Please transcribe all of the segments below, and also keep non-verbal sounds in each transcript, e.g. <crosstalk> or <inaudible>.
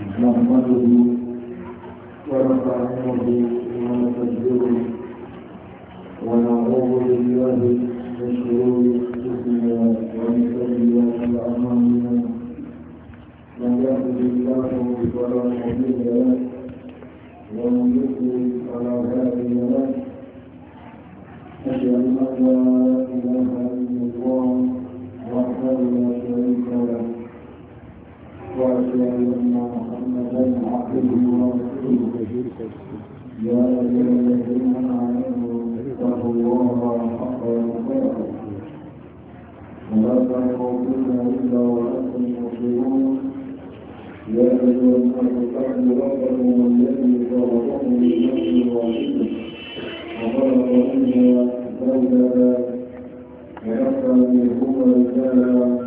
نحمده ونفعله ونفجره ونعوذ بالله من شرور انفسنا ومن سيئات اعمالنا من يهده الله فلا مضل له ومن يضلل فلا هادي له اشهد ان لا وضرب إلى ذلك ويقرأ منهما رجالا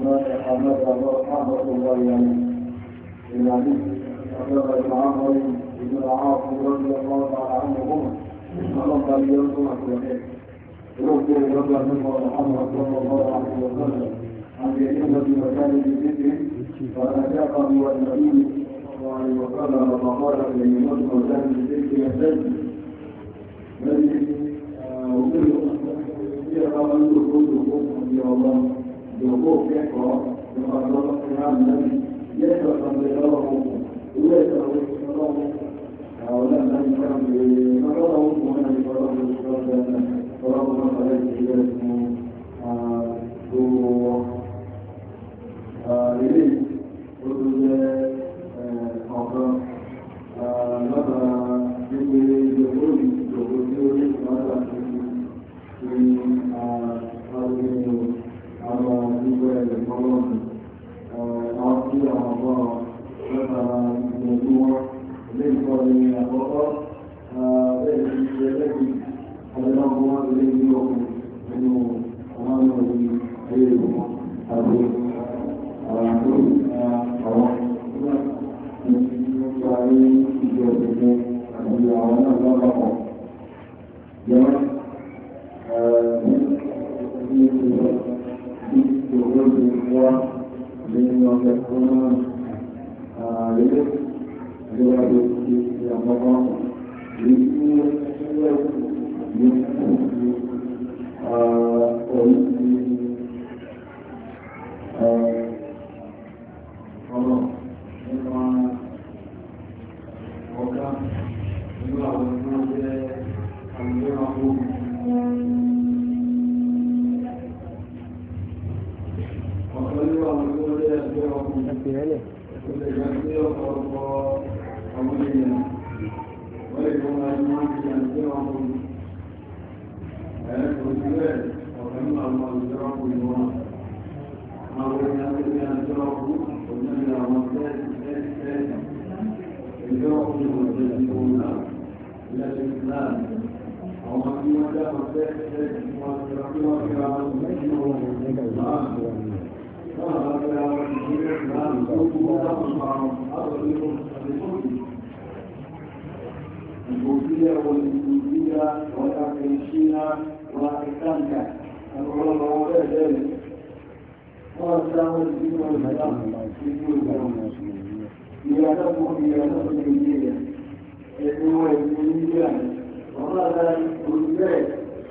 الإمام أحمد رحمة الله عليه من حديث عبد عمر بن العاص رضي الله تعالى عنهما أنهم لم يرضوا أحوالهم يرد رضي الله محمد صلى الله عليه وسلم أن يئن بمكان بذكره فأتاقه النبي صلى الله عليه وسلم فقال إليه مكان بذكر يهتدي الذي أمرت أن يكون كل حمد الله yòókù kẹ́kọ̀ọ́ ìjọba lọ́wọ́ sí láàmú lẹ́yìn yẹ́ sọ̀tọ̀ lè lọ́wọ́ òkú ìwé ìsọ̀rọ̀ ìṣẹ́ lọ́wọ́ àwọn ọ̀nà ìṣẹ́ lọ́wọ́ òkú náà ìṣọ̀rọ̀ ìṣọ̀rọ̀ ìṣọ̀rọ̀ ìṣọ̀rọ̀ ìṣọ̀rọ̀ ìṣọ̀rọ̀ ìṣọ̀rọ̀ الجودية والوجودية والأكريشينة والأكريشينة العلماء ولا ذلك وأسلام الدين والسلام في كل قيادته قيادته الدينية يدعو الدينية وما ذلك كل ذلك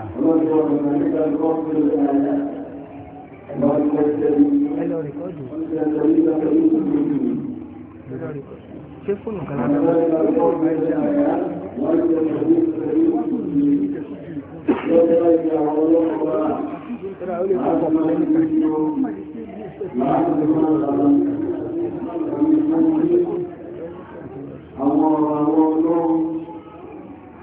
ṣé fóònù kan lára Àwọn ọ̀rọ̀ àwọn ọlọ́run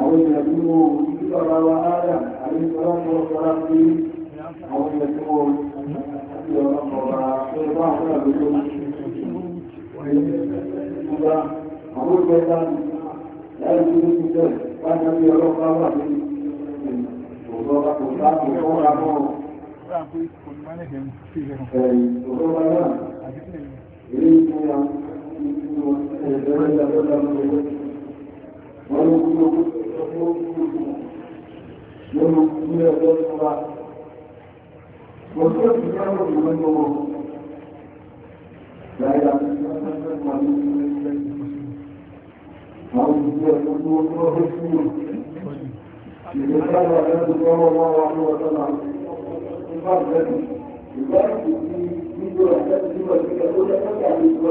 àwọn èèyàn tí wọ́n rí sí bàbá wa ádà àti ìfọ́lọ́pọ̀ ọ̀pọ̀lá sí àwọn èèyàn tí wọ́n rí ọ̀pọ̀lá tó bá àwọn àlejò ìgbà àwọn ìgbẹ́ta láì tí ó ti tẹ̀ bá ní ọjọ́ ọlọ́pàá wà ní òṣọ́lá kò sáà kò fọ́ra mọ́ òṣọ́lá náà èyí tí wọ́n ń ṣe ìjọba ìjọba ìjọba sọ pé ó kú ìlú lórí ilé ọjọ́ tó bá. Mo tí ó ti jẹ́ ọ̀rọ̀ ìwé tó wọ̀. Láyà mi ti wọ́n fẹ́ máa ní ilé ilé. Àwọn ìdílé ọjọ́ tó wọ́n tó wọ́n fún mi. Ìgbé sábà rẹ̀ tó wọ́n wọ́n wọ́n wá ní ọjọ́ náà. Ìgbà rẹ̀ ìgbà rẹ̀ ti ní ìjọ àti ìjọba ìjọba tó yẹ kọ́kọ́ àti ìjọba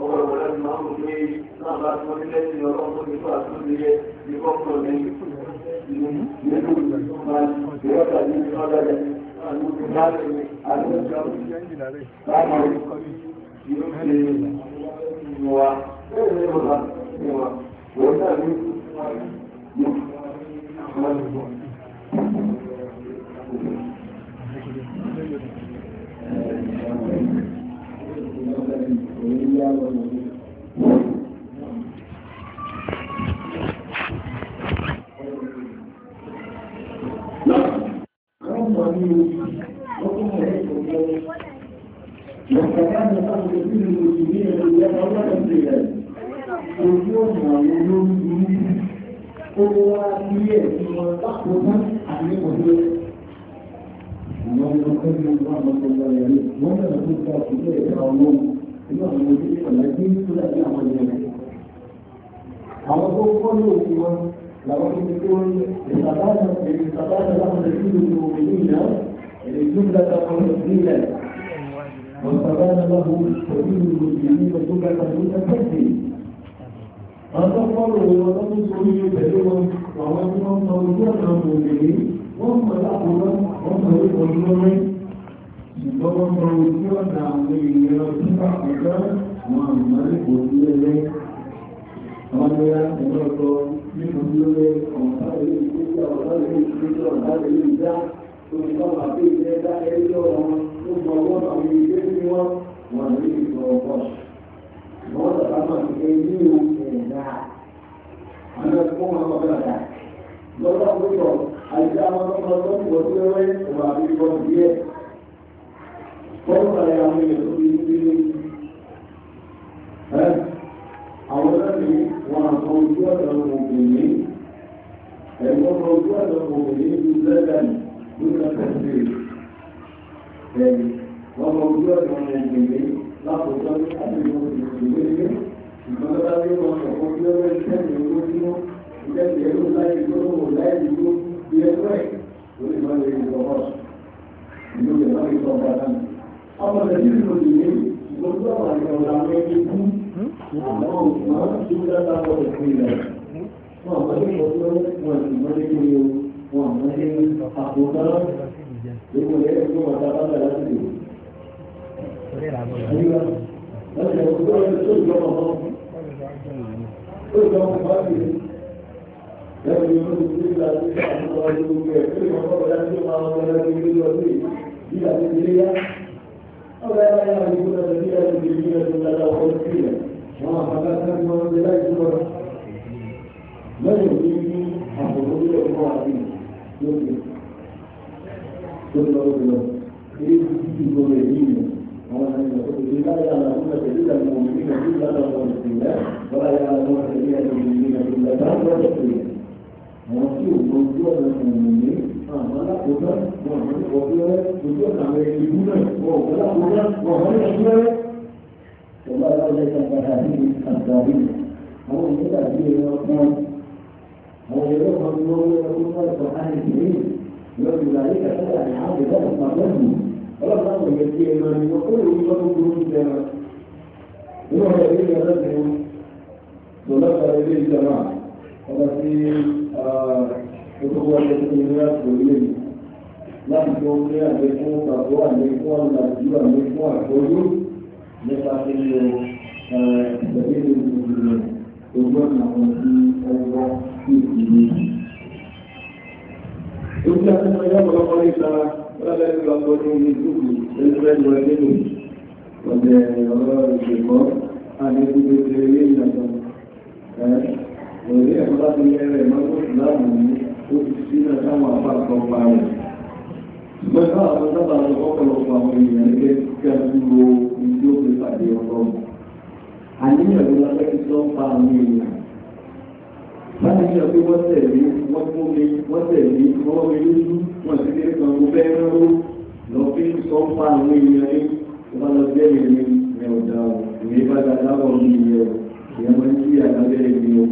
ọ̀pọ̀lọpọ̀ láti máa ń gbé náà bá tí wọ́n ti lẹ́sìn ọ̀rọ̀ tó ti tó àtúndì yẹ ní kọ́kọ́ ní nínú ìgbà ìrọ́ta ní ìrọ́ta rẹ̀ àti ìgbà rẹ̀ àti ìgbà rẹ̀ ilé ìjọba ọba tí gbogbo ọjọ́ tó ní láti orílẹ̀ yìí láti tó ní àlékún pàtó àlékún ọ̀nà àjú àlékún àgbóyú nípa tí ó ìgbẹ̀lẹ́ ìgbẹ̀lẹ́ gbogbo àwọn tí ọwọ́ sí ìgbìmọ̀. Ó ti àti ọmọ ìyá ọ̀pọ̀lọpọ̀ nípa ọlọ́dẹ nípa ọgbọ́n ní ìdúkù ẹgbẹ́ ìwọ̀n nínú ọ̀dẹ̀ ọ̀rọ̀ ìṣèkọ́ àti ìdúkù ilé ìyàtọ̀ lórí ẹ̀kọ́ láti yẹ rẹ̀ mọ́tò ìlànà ní ó ti sí náà táwọn àpapọ̀ pa rẹ̀. ṣùgbọ́n náà àwọn sábà lọ ọ̀pọ̀lọpọ̀ àwọn èèyàn gẹ́gẹ́ kí a ti wo ìdí ó fi pàdé ọlọ́run. àníyàn ló lọ́pẹ́ ti sọ ń pa àwọn èèyàn. láti yẹ pé wọ́n tẹ̀lé wọ́n fún mi wọ́n tẹ̀lé wọ́n mi lójú wọ́n ti dé kan mo fẹ́ rán ó lọ fi sọ ń pa àwọn èèyàn ní ìbálòjẹ́ ìyẹn máa ń jí àgbàbẹ́rẹ́ mi o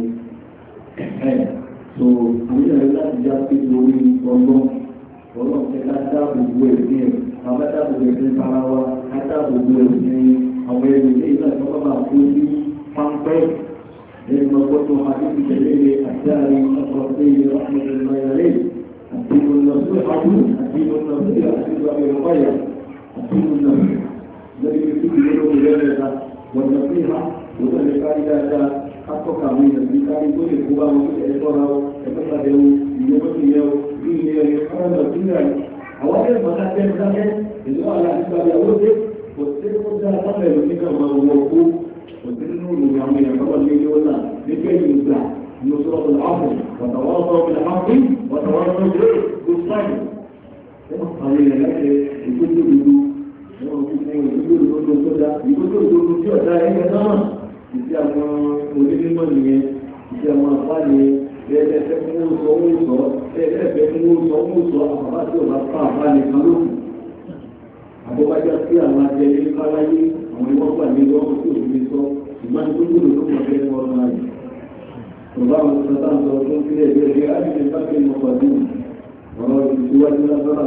so àwọn ìyàwó láti já pé lórí ọlọ́run ọlọ́run fẹ́ ká dáàbò bo ẹ̀mí ẹ̀ bàbá dáàbò bo ẹ̀mí para wa ká dáàbò bo ẹ̀mí àwọn ẹ̀mí lẹ́yìn náà tí wọ́n bá kó sí páńpẹ́ lẹ́yìn náà wọ́n tó máa débi tẹ̀lé lé àjáre ọkọ̀ sí ilé ọkùnrin ìlú ayọ̀lẹ́ àti ìlọsí àdú àti ìlọsí àti ìlọsí ọ̀páyà àti ìlọsí lẹ́yìn tó ti lé lórí lẹ́yìn náà wọ́n òun lè kárí dáadáa akọ́kọ̀ àwọn èèyàn bí kárí tó lè kó bá wọn tó ẹ̀ tọ́ra ọ ẹ̀fẹ́ pàdé o ìyẹn tó ti yẹ o bí ilé ẹ̀ kọ́nà lọ sílẹ̀ àwọn akẹ́kọ̀ọ́ máa tẹ́ ẹ sáfẹ́ ìlú àlà àti ìgbàlẹ̀ owó dé kò sí kó dáa sáfẹ́ ìlú nígbà máa wọ kó kò sí nínú ìlú àwọn èèyàn kọ́kọ́ lé yóò là nígbà yìí gbà ní oṣù ọ̀sán àpò wàtàwọ́ ọ̀sán ọ̀gbìn àpò wàtàwọ́ ọ̀sán ọ̀gbìn kò sáyẹ̀ wọ́n pàdé rẹ̀ láti ìgbésẹ̀ ìlú wọ́n fi fún ìgbésẹ̀ ìlú tó dá ìgbésẹ̀ ìlú tí ọ̀dá ẹ̀yẹ náà ìdí àwọn onímọ̀ nìyẹn ìdí àwọn àbá nìyẹn ẹ̀ẹ́dẹ́ ẹ̀fẹ́ fún oúnjẹ oúnjẹ ẹ̀ẹ́dẹ́ ẹ̀fẹ́ fún oúnjẹ oúnjẹ àbá tí ò bá fà àbá nìkan lókù àbúbájá sí àwọn ajẹlẹ káláyé àwọn ẹ̀wọ̀n gbà ní lọ́wọ́ tí òun lè sọ ìgbà tó gbòòrò ló mọ̀ fẹ́ wọn náà yìí. bàbá àwọn sọ́tà ń sọ tó ń sílẹ̀ bí ẹgbẹ́ àdìsẹ́ sáfẹ́ mọ̀ pàdé ọ̀rọ̀ ìtìsíwájú lásán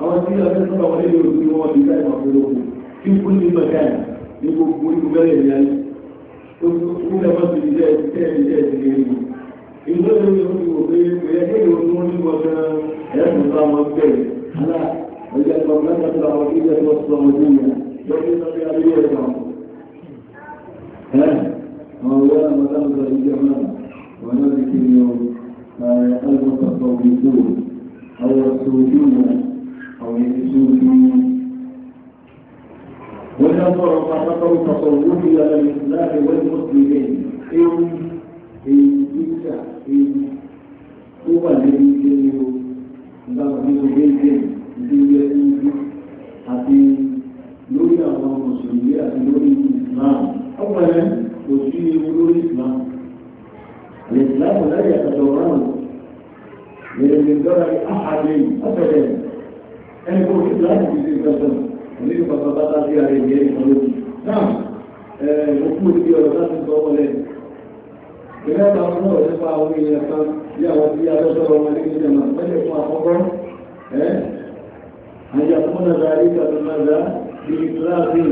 àwọn tí wọ́n fẹ́ sọ́dọ̀ wọlé yóò fi wọ́n di sáì máa fẹ́ lóko kí kú ní mẹ́ta ẹ̀ ní gbogbo ikú mẹ́rẹ̀ ní ayé tó kú lẹ́mọ́ sí ilé ẹ̀ ilé ẹ̀ ti lè mú. ìlú ẹ̀rọ yóò fi wò pé kò yẹ kí ìlú wọn ní wọn gan ẹ̀sùn bá wọn bẹ̀rẹ̀ alá ọjà ìgbà mẹ́ta tó àwọn ilé ẹ̀ lọ́sọ̀ wọn ní ìyá lọ́sọ̀ sọ́kẹ́ abẹ́yẹ ẹ̀ àwọn ẹni tí ó ní wọ́n ní ọgbọ́rọ̀ pátákọ́rọ̀ pàtàkì owó ní ọ̀rọ̀ ìsìláàrẹ̀ wọ́n ní ọ̀sẹ̀ ilẹ̀ ewu ewu títà ewu tó wà lẹ́nu ilé ní o ìbáwọn ní ọgbẹ́ ilé ìdílé ìlú àti lórí àwọn mùsùlùmí àti lórí ìsìláàmù ọgbọ̀nẹ́ kò sí ewu lórí ìsìláàmù الإسلام لا يتدوران من الدرع أحد أبدا ẹni kò sí láti fi ṣe ìgbẹ̀sẹ̀ òní ní bàbá bá tá sí ara ìgbẹ́ ìfọlójì náà mo kú níbi ọ̀rọ̀ láti sọ wọlé ìrẹ́ ta ọmọ náà nípa àwọn èèyàn kan bí àwọn tí adọ́sọ̀rọ̀ ọmọ ní ìjọba náà pẹ́lẹ̀ fún àkọ́kọ́ ẹ́ àyàkúnmọ́nà darí kàtàmọ́dá bí kíláàsì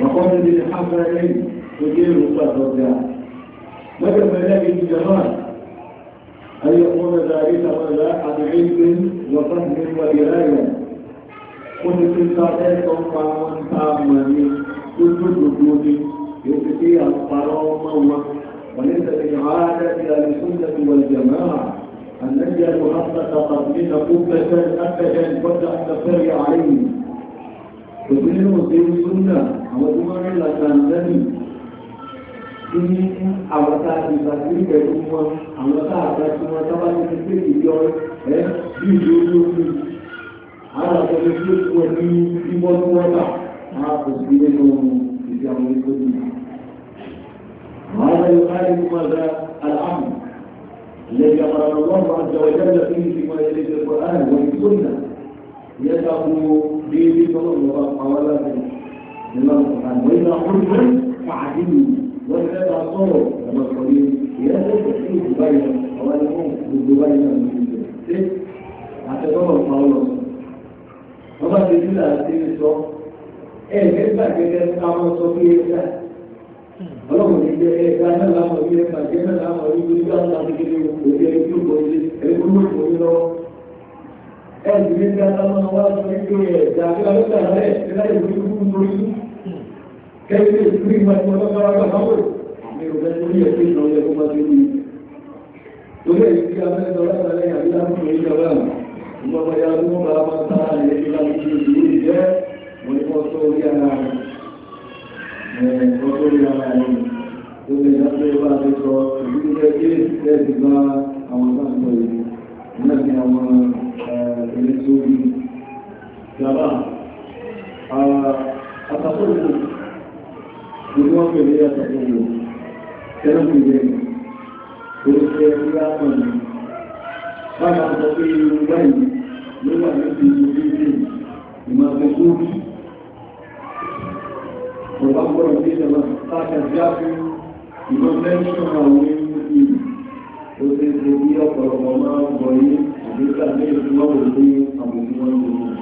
wàkọ́ni bí hàfẹ́ ẹ̀yìn tó jẹ́ ìrùpàtọ̀ gà mọ́jọ̀ pẹ̀lẹ́ ìjọba náà أن يكون ذلك ولا عن علم وفهم ودراية كنت تلقى قوما تاما كل جهود يؤتي الطرام وليس من إلى السنة والجماعة أن نجعل هرمة قبلنا قبة أبدا قبل أن نفتري عليه وفي المسلم السنة وجمع الأساندني ní àwọn tá a ti gbà sí pẹ̀lú wọn àwọn tá a gbà sí wọn tábà ti fi pé ìjọ ẹ bí ìlú olóògbé àwọn àtọ́jú tí ó ti wọ ní bíbọ́ tí wọ́n gbà máa kò sí nínú ìdí àwọn ìgbóni. هذا يخالف ماذا الأمر الذي أمرنا الله عز وجل فيه فيما يلي في القرآن وفي السنة يدعو به صلى الله عليه وسلم لله سبحانه وإذا حرم فعدلوا wọ́n fẹ́ máa sọ̀rọ̀ ọ̀nà kan ní ìyá tó kọ̀ sí ìdúbà yẹn àwọn ẹni fún ìdúbà yẹn náà ní ìbẹ̀ ṣé àtẹ̀tọ́nà pa ọ́ lọ. wọ́n bá ti dúró àti sọ ẹ̀ mẹ́fà gẹ́gẹ́ káwọn sọ bí ẹ dá. ọlọ́run ti jẹ ẹ dá náà láwọn bí ẹ bàjẹ́ náà láwọn bí ló kọ ilé lọ. ẹ ti ní kẹ́lí ìlú ìmọ̀ ìmọ̀ lọ́gbàrágbà náwó àmì òbẹ́ tó ní ẹ̀kí ìnáwó ẹ̀kọ́ bá dé ní lórí èyí tí a mẹ́rin lọ látàrí àríyá fún ìjọba ìjọba ya ló bá bá ta àrẹ ìlú láti ìlú ìjẹ́ mo ní wọ́n tó rí ara rẹ̀ wọ́n tó rí ara rẹ̀ tó lè dá pé bá ti sọ ìlú ìjẹ́ kí lẹ́ẹ̀dì bá àwọn sáàtọ̀ ìlú náà ní àwọn ilé tó rí ìjọba àtàkùn ìlú wọn pèlè ẹ̀sẹ̀ gbogbo tẹ́lẹ̀ kò yẹ kò ṣe ẹ̀rí lápọ̀ ní báyà sọ pé irú báyìí ló wà níbi ìdíje ìmọ̀ gbogbo bí ọba gbọ́dọ̀ sí ìjọba láti àjá fún ìmọ̀ mẹ́rin àwọn ènìyàn ó ṣe ṣe bí ọ̀pọ̀lọpọ̀ máa ń bọ̀ yí ìgbésà ní ìtumọ̀ òní àbòmí wọn lòó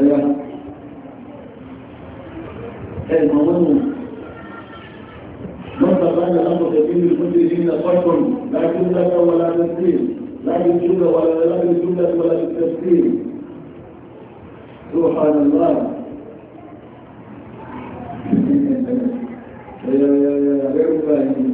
أيوة المظلم من تقال الأمر كثير المدرسين فرق لا جملة ولا تسليم لا بالجملة ولا لا بالجملة ولا بالتسليم سبحان الله <laughs> يا يا يا غير فاهم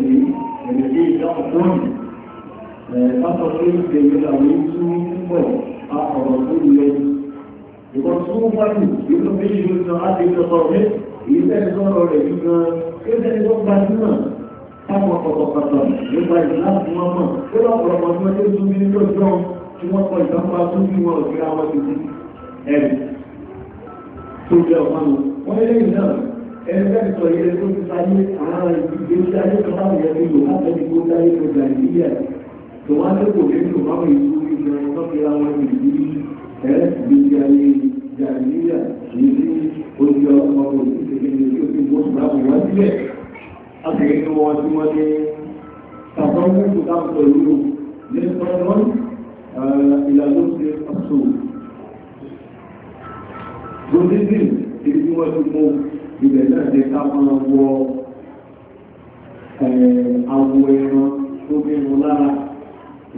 lónìí ẹ̀mí bí ìjọba tó ń Pásọ̀ tó ń gbé ìgbéyàwó tó ń pọ̀ àkọ̀rọ̀ tó lè. Ìkọ̀ tó ń wáyé nínú bí ìlú sọ láti sọ̀rọ̀ rẹ̀, èyí tẹ́lẹ̀ sọ̀rọ̀ rẹ̀ yìí gan-an, ó tẹ́lẹ̀ tó gbajúmọ̀ táwọn ọ̀pọ̀ pàtàkì nípa ìsìláàmù wọn mọ̀. Ó lọ́pọ̀lọpọ̀ tí wọ́n tó tún bí nínú ìjọ tí wọ́n kọ ìjọba tó bí wọn ò kíra wọn ti ẹ̀rì tó jẹ́ ọ̀pánu. Wọ́n lé lẹ́yìn náà ẹgbẹ́ sọ yẹ tó ti sáyé àwọn ìgbésí ayé tó bá yẹ kí lò láti ẹni tó dáyé tó gbà ìdíyà tó wá tó kò nínú báwọn ìlú ìjọ tó fi ra wọn ìlú ẹ̀rẹ́ ìgbésí ayé gbà ìdíyà èyí ojú ọmọ kò sí kékeré tó fi mú ọ̀sùn láwọn wá sílẹ̀ láti rí tó wọn tí wọ́n ní kàtọ́ mú tó dáhùn sọ ìlú ní sọ́dún ìlànà ti ọ̀sùn. Gbogbo ìdí ìdí wọn ti mú ní káwọn wọ àwọ ẹran tó bí wọn lára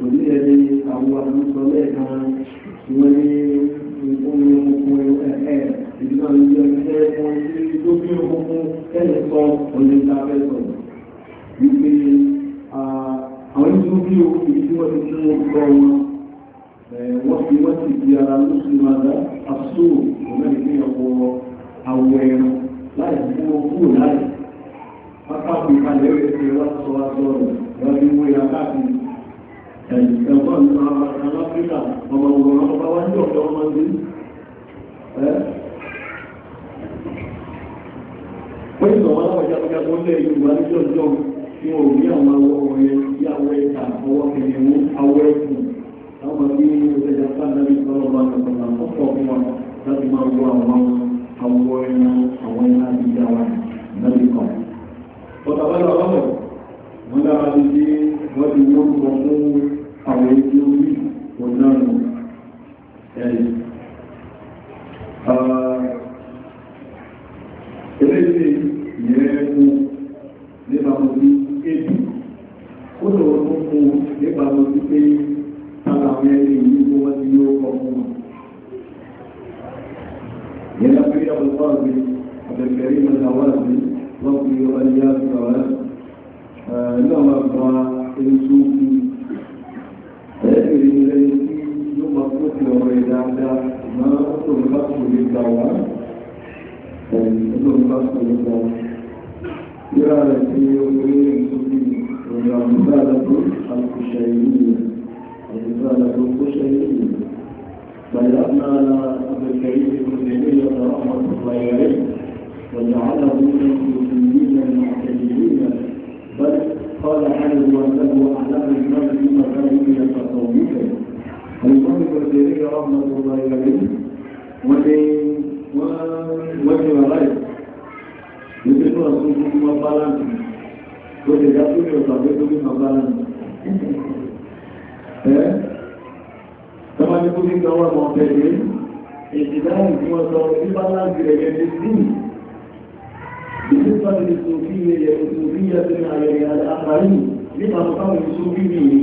òní ẹni àwọ àmúsọ lẹ́ẹ̀kan wọ́n ní omi òkun ẹ̀ẹ́ ìdílé ọjọ́ ìṣẹ́ wọn ní tó bí òkun ẹ̀ẹ́ sọ òní ìdáfẹ́ sọ̀rọ̀ wípé àwọn tó bí òkun ìdí wọ́n ti kọ́ wọn wọ́n di ara lóṣù máa dá àṣù òmẹ́rin ní láì fún okú láì pápákọ̀ ìkàlẹ̀ rẹ̀ ti lọ́sọ̀ọ́sọ̀ rẹ̀ lọ́dún ìwé akáàkiri ẹ̀kọ́ ní aláfíríkà ọmọ ogun ọmọ wá ní ọ̀dọ́ ọmọ ní ẹ́ pé ìsọ̀wọ́n láwọn ìjàpẹ́jà tó lẹ́ ìgbà níjọ́ jọ ní òní àwọn awọ ọ̀rẹ́ sí awọ ẹ̀ta ọwọ́ kẹrìnwó awọ ẹ̀kùn láwọn bí ó tẹ̀jà sáà náà ní ọlọ́gbà ọ̀pọ̀ fún wa láti máa wọ àwọn ọmọ àwọ̀ ẹ̀nà àwọn ẹ̀nà àbíjá wa lọ́dún kan. Ọ̀tàbálà ọlọ́pọ̀ wọ́n dára ní pé wọ́n ti wọ́n kọ fún àwọn ètò orí òdánù ẹ̀yìn. Ah, eléyìí yẹn mú nípa mo ti kéjì. Ó lọ́wọ́ tó mú nípa mo ti pé àwọn ẹni ìlú wọn ti yóò kọ fún يا نبي أبو الفاضل عبد الكريم الهوازي ربي وأياك وأنت لما أقرأ السوفي أجري إليك يوم الطفل وإذا ما أطلب البحث بالدعوات أطلب البحث بالدعوات إرادة في يومين السوفي وهي الرسالة القشيرية الرسالة القشيرية بلغنا عبد الكريم بن تيمية رحمة الله عليه وجعله من المسلمين المعتدلين بل قال حرز وحده أعلم الناس بمكانه كقومه الإمام ابن تيمية رحمة الله عليه وجه غير يجب أن تكون مقالا وتجد أن تكون مقالا lọ́wọ́ ní kú ní ọwọ́ ọmọ tẹ̀lé ìdíláàrí tí wọ́n sọ nípa láti rẹ̀ ní sí ìdílé sọ́ni ní sòfí ilẹ̀ sòfí yẹtí ní ayẹyẹ àgbáyé nípa fáwọn ìṣòfí mi ní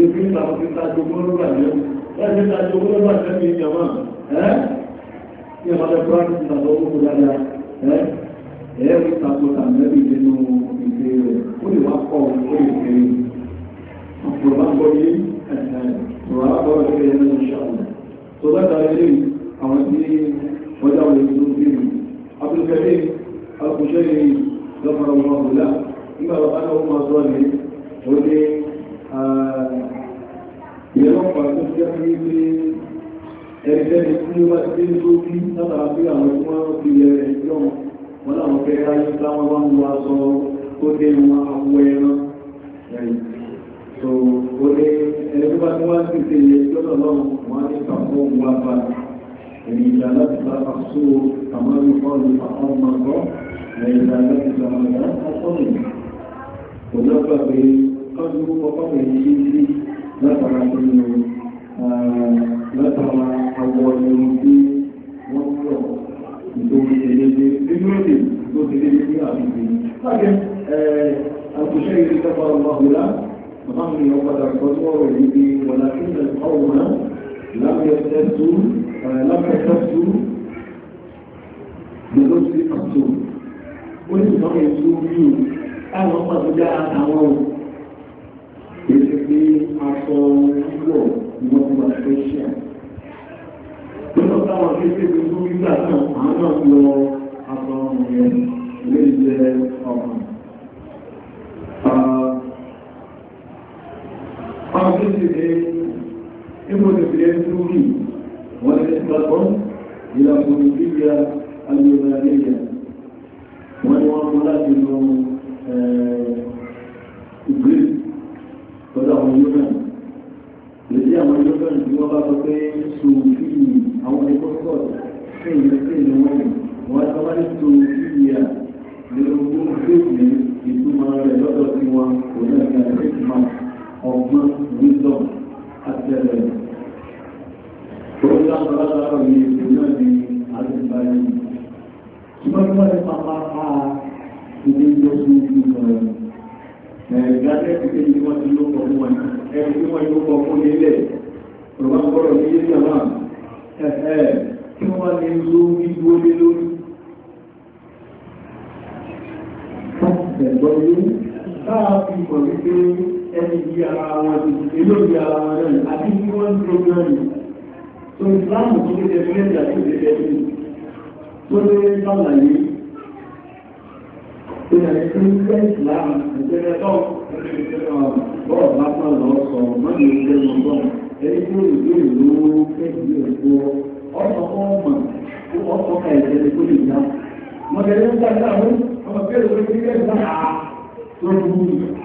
ojú nípa fífi tájú gbọ́nrọ́gbà jẹ́ láti tájú gbọ́nrọ́gbà jẹ́ mi ìjọba ẹ́ ní ọmọdé kúrọ́ọ̀tì ti tàbí owó kó dáadáa ẹ́ ẹ̀ẹ́ fi tàkùtà mẹ́rin nínú ìgbé rẹ̀ wọ́n á bọ́ọ̀lù pé ẹni ìṣàlẹ̀ tó látàrí lè àwọn tí wọ́n jáwé tó ń bí mi abúlé akùnṣẹ́ ni lọ́pàá ọmọ ọ̀gbọ̀lá nígbà wọ́n á máa sọ ní ó ní ìyẹ́lọ́pàá tó jẹ́ pé pé ẹgbẹ́ni tí ó bá ti dé tó bí látàrí pé àwọn tó o lé ẹni tó bá tí wọ́n ti ṣe iye tó lọ́wọ́ wọn ní pàpọ̀ wà bá ẹni ìjà láti bá a sọ àwọn olùkọ́ olùkọ́ ọmọ ọgọ́ ẹni ìjà láti bá a sọ ọkọ́ mi. kò lọ́gbà pé kọ́jú ọkọ́ mi yí sí látara tó ní látara àwọ̀ ẹni tí wọ́n ń lọ ìtòkè ẹ̀yẹ́dẹ́ nínú èdè tó ti lé ní àfihàn. Láàbẹ̀ àkùṣe ìrìnkẹ́fà ọmọ ọ̀hùn Mọ́mí ọ̀padà kọjọ́ rẹ̀ níbi wọ̀nàkínlẹ̀ ọ̀wọ̀n lábẹ́ẹ̀tẹ́sù lọ́sí àtò. Ó ní ìtọ́kẹ̀ tó bí o, àwọn pàtó já àwọn o. Èsì pé aṣọ wíwọ̀ ni wọ́n gba fẹ́ṣíà. Pẹ̀lú táwọn akéwéé tó nígbà náà, àwọn náà lọ aṣọ ọmọ yẹn lè jẹ ọmọ. Ah, Àwọn tó ti rẹ̀ ẹgbẹ́ òṣèré lórí wọ́n lè gbàgbọ́ ìlàpò ìgbìyà alìyànlẹ́yà. Wọ́n ni wọ́n mú láti lọ ìgbìlì pẹ̀lú àwọn yóò lè jẹ́ àwọn yóò fẹ́ràn tí wọ́n bá sọ pé sòfì àwọn ẹ̀kọ́ sọ̀rọ̀ sí ìrẹsì ìwọ̀n wọ́n á sọ wá ní sòfì yà lè ogún fèsì ìtumọ̀ rẹ̀ lọ́dọ̀ sí wọn kò náà ní àti ọgbọ́n wisdom àtẹ̀lẹ̀. Òṣìṣẹ́ àbọ̀lágbàrọ̀ yìí èdè náà ni àdìgbà yìí. Ṣùgbọ́n kí wọ́n lè pàpà pa ìdí ìjọ sí ìlú sọ̀rọ̀. Ẹ̀ẹ̀dá lẹ́sìn kejì ni wọ́n ti ló pọ̀ fún wọn. Ẹni tí wọ́n yóò pọ̀ fún nílẹ̀. Bàbá ń gbọ́dọ̀ ní ilé àmà. Kí wọ́n lè ẹni bí ara wọn ti èlò bí ara wọn náà àti bí wọ́n ń tó náà ni tó ìsìláàmù tó kéde fún ẹ̀dà tó kéde fún tó lé sàlàyé tó yẹ kí ń ìsìláàmù ìjẹ́rẹ́ tó bọ́ọ̀ bá pọ̀ lọ sọ mọ́ni ìjẹ́ mọ́gbọ́n ẹni tó ìgbé ìlú kéjì òkú ọ̀sọ̀ ọmọ ọ̀sọ̀ ka ìjẹ́rẹ́ tó lè dá mọ̀tẹ̀lẹ́ ń gbàgbà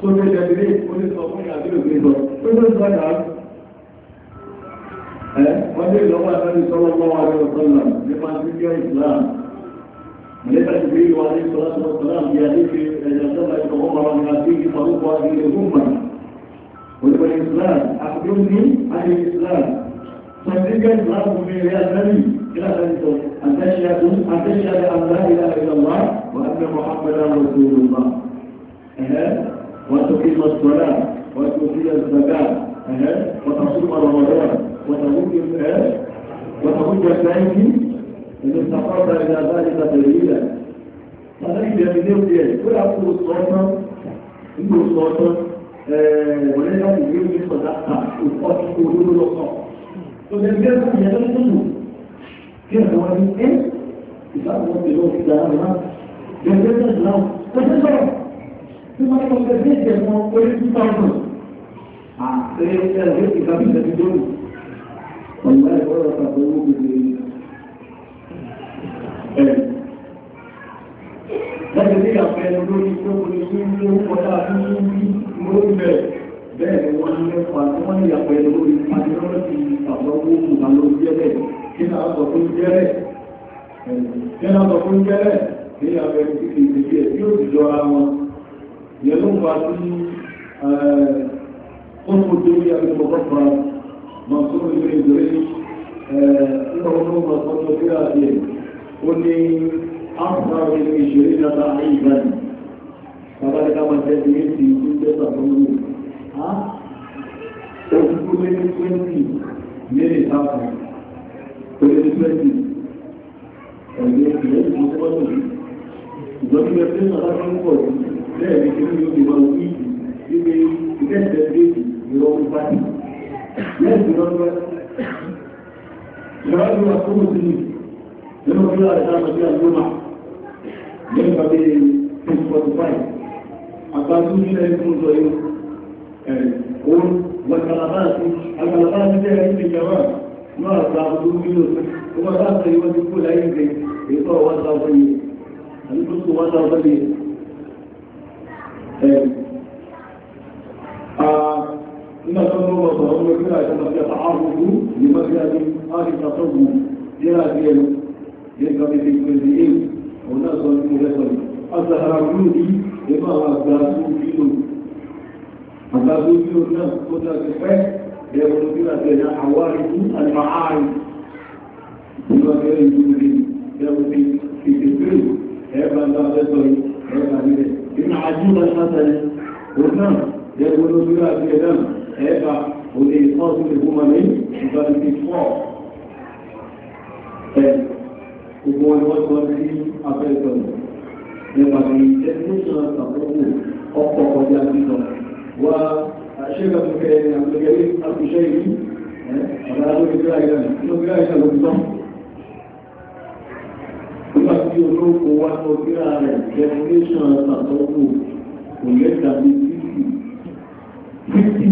tó fẹ́ ṣẹlẹ̀ oníṣọ́ fún ìyàgbélò gbéṣọ́ tó tó sọ náà ẹ́ wọ́n dé ìlọ́wọ́ àtàrí sọ́wọ́ mọ́wọ́ àrẹ ọ̀sọ́lá nípa sí bí islam mẹ́ta ti fi wà ní sọ́lá sọ́lá bí a ní fi ẹ̀yà sọ́lá ìfọwọ́ máa ní àti ìfọwọ́pọ̀ àti ìrẹ̀gúnmà olùkọ́ islam àkùdó ní àti islam sọ̀tíkẹ́ islam mi rẹ̀ àtàrí ìlàtàrí أن لا إله إلا الله وأن محمدا رسول الله وتقيم الصلاة وتؤتي الزكاة وتصوم رمضان وتهج البيت إن استقرت إلى ذلك دليلا فليس يمينه بيد كل أقول الصوت إنه الصوت وليس يمينه بصدقة وقت حدود الأخرى فالنبيان يدل منه كيف هو من إيه؟ إذا أردت له في دارنا يدل له وتسرع tí wọ́n tó fẹ́ déjì ẹ̀mọ́ orí títọ́ ọ̀nà àti ẹ̀rọ ìkàbí ìjẹ̀bí lónìí ọ̀nà ìwọ́rọ̀ tàbí owó gbogbo ẹ̀rọ lẹ́yìn tí àpẹẹ lórí tó kò sí ní ọkọ̀dá tó ní ní lórí bẹ̀ bẹ́ẹ̀ ni wọ́n ní ẹ̀kọ́ àti wọ́n ní àpẹẹ lórí pàdánù ti àbọ̀wọ́ òkùnkà ló jẹ́rẹ̀ kí náà sọ fún jẹ́rẹ̀ kí náà sọ fún jẹ́rẹ̀ kí náà bẹ̀rẹ̀ sí ìgbésí tí ó ti jọra wọn ìyẹn ló ń bá sí ọmọ tó yẹ àgbẹ̀kọ̀ pàpà máa tó ń lè lórí ìwọ̀n ọmọ ọmọ ọmọ tó yà sí ẹ̀ ó ní áfà ìlú ìṣeré dáadáa ní ìgbàlè bàbá rẹ̀ káwọn jẹ́ ti méjì tó ń tẹ́sà fún mi òkúkú lé ní ó lé ní ń pọ̀ sí bẹ́ẹ̀ ni kí ló ti wọ́n wí wípé ìkẹ́sẹ̀ méjì ìrọ̀ ń bá ti lẹ́sì lọ́dọ́ ìrọ̀lú àkókò sí nínú bí wọ́n àti àmọ́ sí àgbọ́mà lẹ́yìn bàbá ten forty five àgbàdo ní ẹni tó ń sọ yìí òun wàkàlàbà àti àgbàlàbà àti bẹ́ẹ̀ ní ìjọba náà àgbà àbúrú nínú ọmọ bá sọ yìí wọ́n ti kú láyé ìgbẹ́ èyí tó wọ́n sọ إن صلى الله عليه وسلم كما يتعرض لمجال آل تصور جاهل يلقى في الجزئين وناس المجسم الزهراوي لما أزدادوا فيه أزدادوا فيه الناس كنا كفاية يقولون كنا كنا حوارث المعارف بما كان يجوز في في الفيلم هذا لا يصل هذا إن عجيب الحسن قلنا يقول الزراء في دم هيبع والإنقاذ الهممي بل في الصعب وهو الوجه الذي أفلتهم يبقى في طيب. تكنيشن تقوم أفضل قدامته وشيخ ابن كريم عبد الجليل الشيخ هذا هو بلا إله إنه بلا إله بالضبط nígbà tí olóko wá tó kíra rẹ̀ definition àtọ́kù kò lè tàbí fífì fífì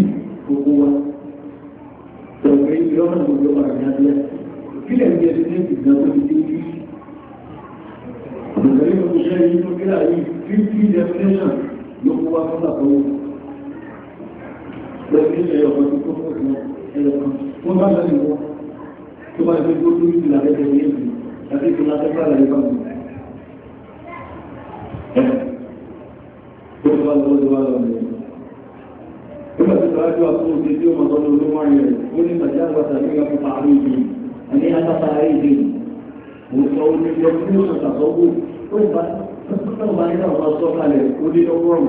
gbogbo wa tọ̀gbẹ́ ibi ọ̀nà gbogbo wa ní abẹ́ kílẹ̀ ní ẹni ní ìgbà tó ti dé bí àbùkẹ́lẹ́ ìwọ̀n iṣẹ́ yìí tó kíra yìí fífì definition ló kó wá fún àtọ́wò definition ẹ̀yọ̀ kan tó kó fún ẹ̀yọ̀ kan wọ́n bá lọ́nà ìwọ̀n tó bá ẹgbẹ́ tó lórí ìlànà ẹgbẹ́ Nanti kita coba eh, lagi bang. Coba dulu coba dulu. Coba kita coba tuh video masuk dulu semuanya. Ini macam bahasa kita pun tahu ini. Ini ada tahu ini. Mustahil dia pun tak tahu. Coba kita main dalam bahasa kali. Kudi orang.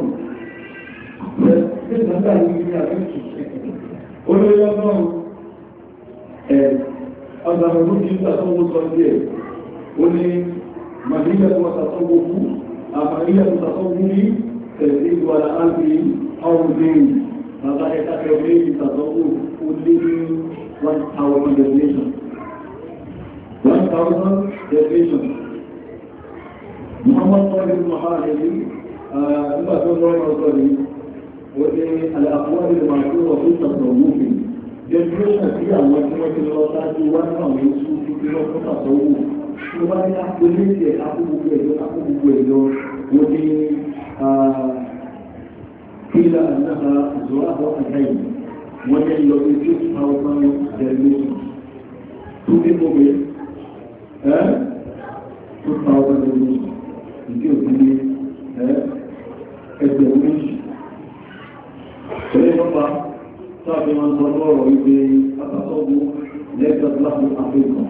Kita tak ini ada. Orang yang orang. Eh, ada mungkin tak tahu soal dia. ولي مدينة وتصوف عملية تصوف تزيد ولا أنت حوزين فضحك يومين تصوف كله 1000 definition 1000 definition محمد طالب المحاربي أما كنت رأي مرضي والأقوال المعكورة في التصوف definition فيها الله كما كنت رأي مرضي وأنا مرضي في التصوف tí wọ́n ní apolóṣẹ̀ akókòkò ẹ̀yọ́ akókòkò ẹ̀yọ́ wọ́n ní kílà náà zọ́rọ̀ àbọ̀ àtàyè wọ́n ní lọ sí tí ó ti máa wọ́n ní ìdẹ̀lú tó ní mo gbé ẹ́ tó máa wọ́n ní ìdí òbí ní ẹgbẹ̀rún méjì. Ẹ̀rẹ́ nọ́mbà sáà fi sọ lọ́rọ̀ wípé apásọ́gbó lẹ́gbẹ̀ẹ́ láti àfihàn.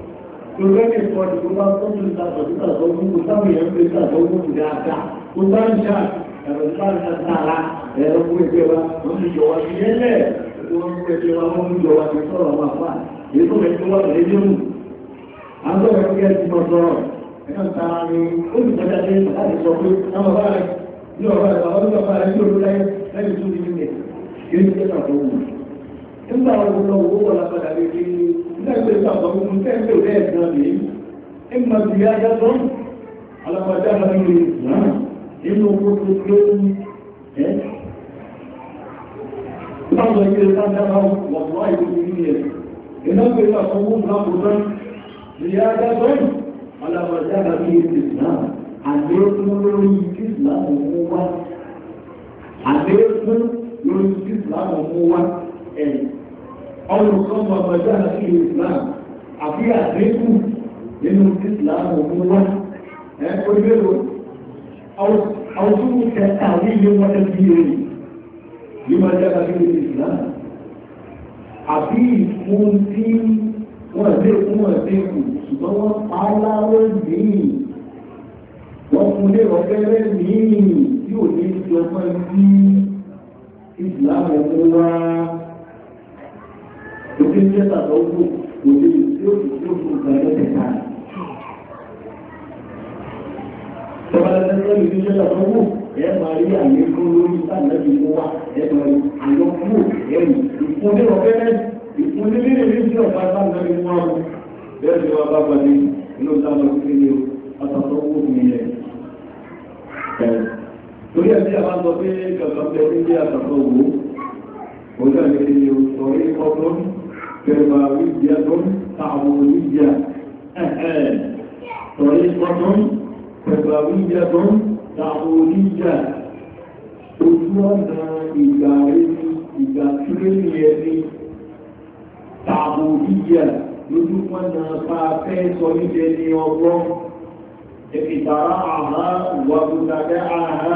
ìrẹ́lẹ̀ ìfọ́ ni wọ́n bá tọ́jú ìtàkọ̀ títà tó ń kú táwọn èèyàn ń pè tà tó ń kú dáadáa ó bá ń ṣá ẹ̀rọ bá ń ṣá sára ẹ̀rọ fún ẹgbẹ́ wa wọ́n ti jọ wá sí ẹlẹ̀ tó ń kú ẹgbẹ́ wa wọ́n ń jọ wá sí sọ̀rọ̀ wọn àpá èyí tó mẹ́tọ́ wà lé lóhùn. àwọn ọ̀rẹ́ ọ̀gá ti mọ̀ sọ̀rọ̀ ẹ̀ka ta ni olùkọ́jà dé láti sọ pé àwọn bá rẹ̀ ní ọ̀rọ̀ rẹ̀ bàbá ní ọ̀rọ̀ rẹ̀ ní olú láyé lẹ́yìn tó ti ní ìtẹ́gbẹ́ ìgbàgbọ́ gbogbo tẹ́gbẹ́ òde ẹ̀gbọ́n mi ẹ mọ ti rí ajá tán alábàjá máa ń lè náà nínú gbogbo tó ń ẹ́ láwọn ilé sájára wọ̀wọ́ ìlú ní ẹ̀ iná pé àfọwọ́ lábùdán rí ajá tán alábàjá máa ń lè náà àdéhùn lórí ìsìláàmù mú wá àdéhùn lórí ìsìláàmù mú wá ẹ̀yìn ọ̀rọ̀ sọ́mọ ọjọ́ àti Islam àbí àdínkù nínú Islam òun wá ẹ̀ orílẹ̀-èdè ọdún kẹta ní ilé wọn ẹbí rẹ̀ ní wọ́n jẹ́ àti Islam àbí ìfún tí wọ́n lè fún ẹ̀dínkù ṣùgbọ́n wọ́n pa láwọ́ wọ́n fún lé ọ̀fẹ́rẹ́ míì tí ní ìjọba ní Islam òun wá kò sí ní ẹ̀ta tó kù kò tí ó kù tí kù kan lẹ́sẹ̀ ká. Tọ́ba lẹ́sẹ̀ tó lè ní ẹ̀ta tó kù ẹ máa rí àyè fún lórí sàlẹ̀ ìlú wa ẹ máa rí àyọ fún ẹ̀rù ìfúnni ọ̀fẹ́rẹ́ ìfúnni líle ní sí ọ̀gá sàlẹ̀ ìlú wa mú. Bẹ́ẹ̀ ni wọ́n bá gbàdé inú sábà kúkú ni ọ̀tọ̀tọ̀ kù mí yẹn. Torí ẹ̀sìn àwọn sọ pé kàkà ní bí àtàkọ̀ wò ó, òun náà lè ṣe ọ̀rẹ́ ọdún كباوية تعوية طريقة كباوية تعوية أجوانا إدارين إدارين يدي تعوية lójúmọ́nà bá fẹ́ sọ níjẹ ní ọgbọ́n ìfìtàrà àhá wàbùtàdẹ́ àhá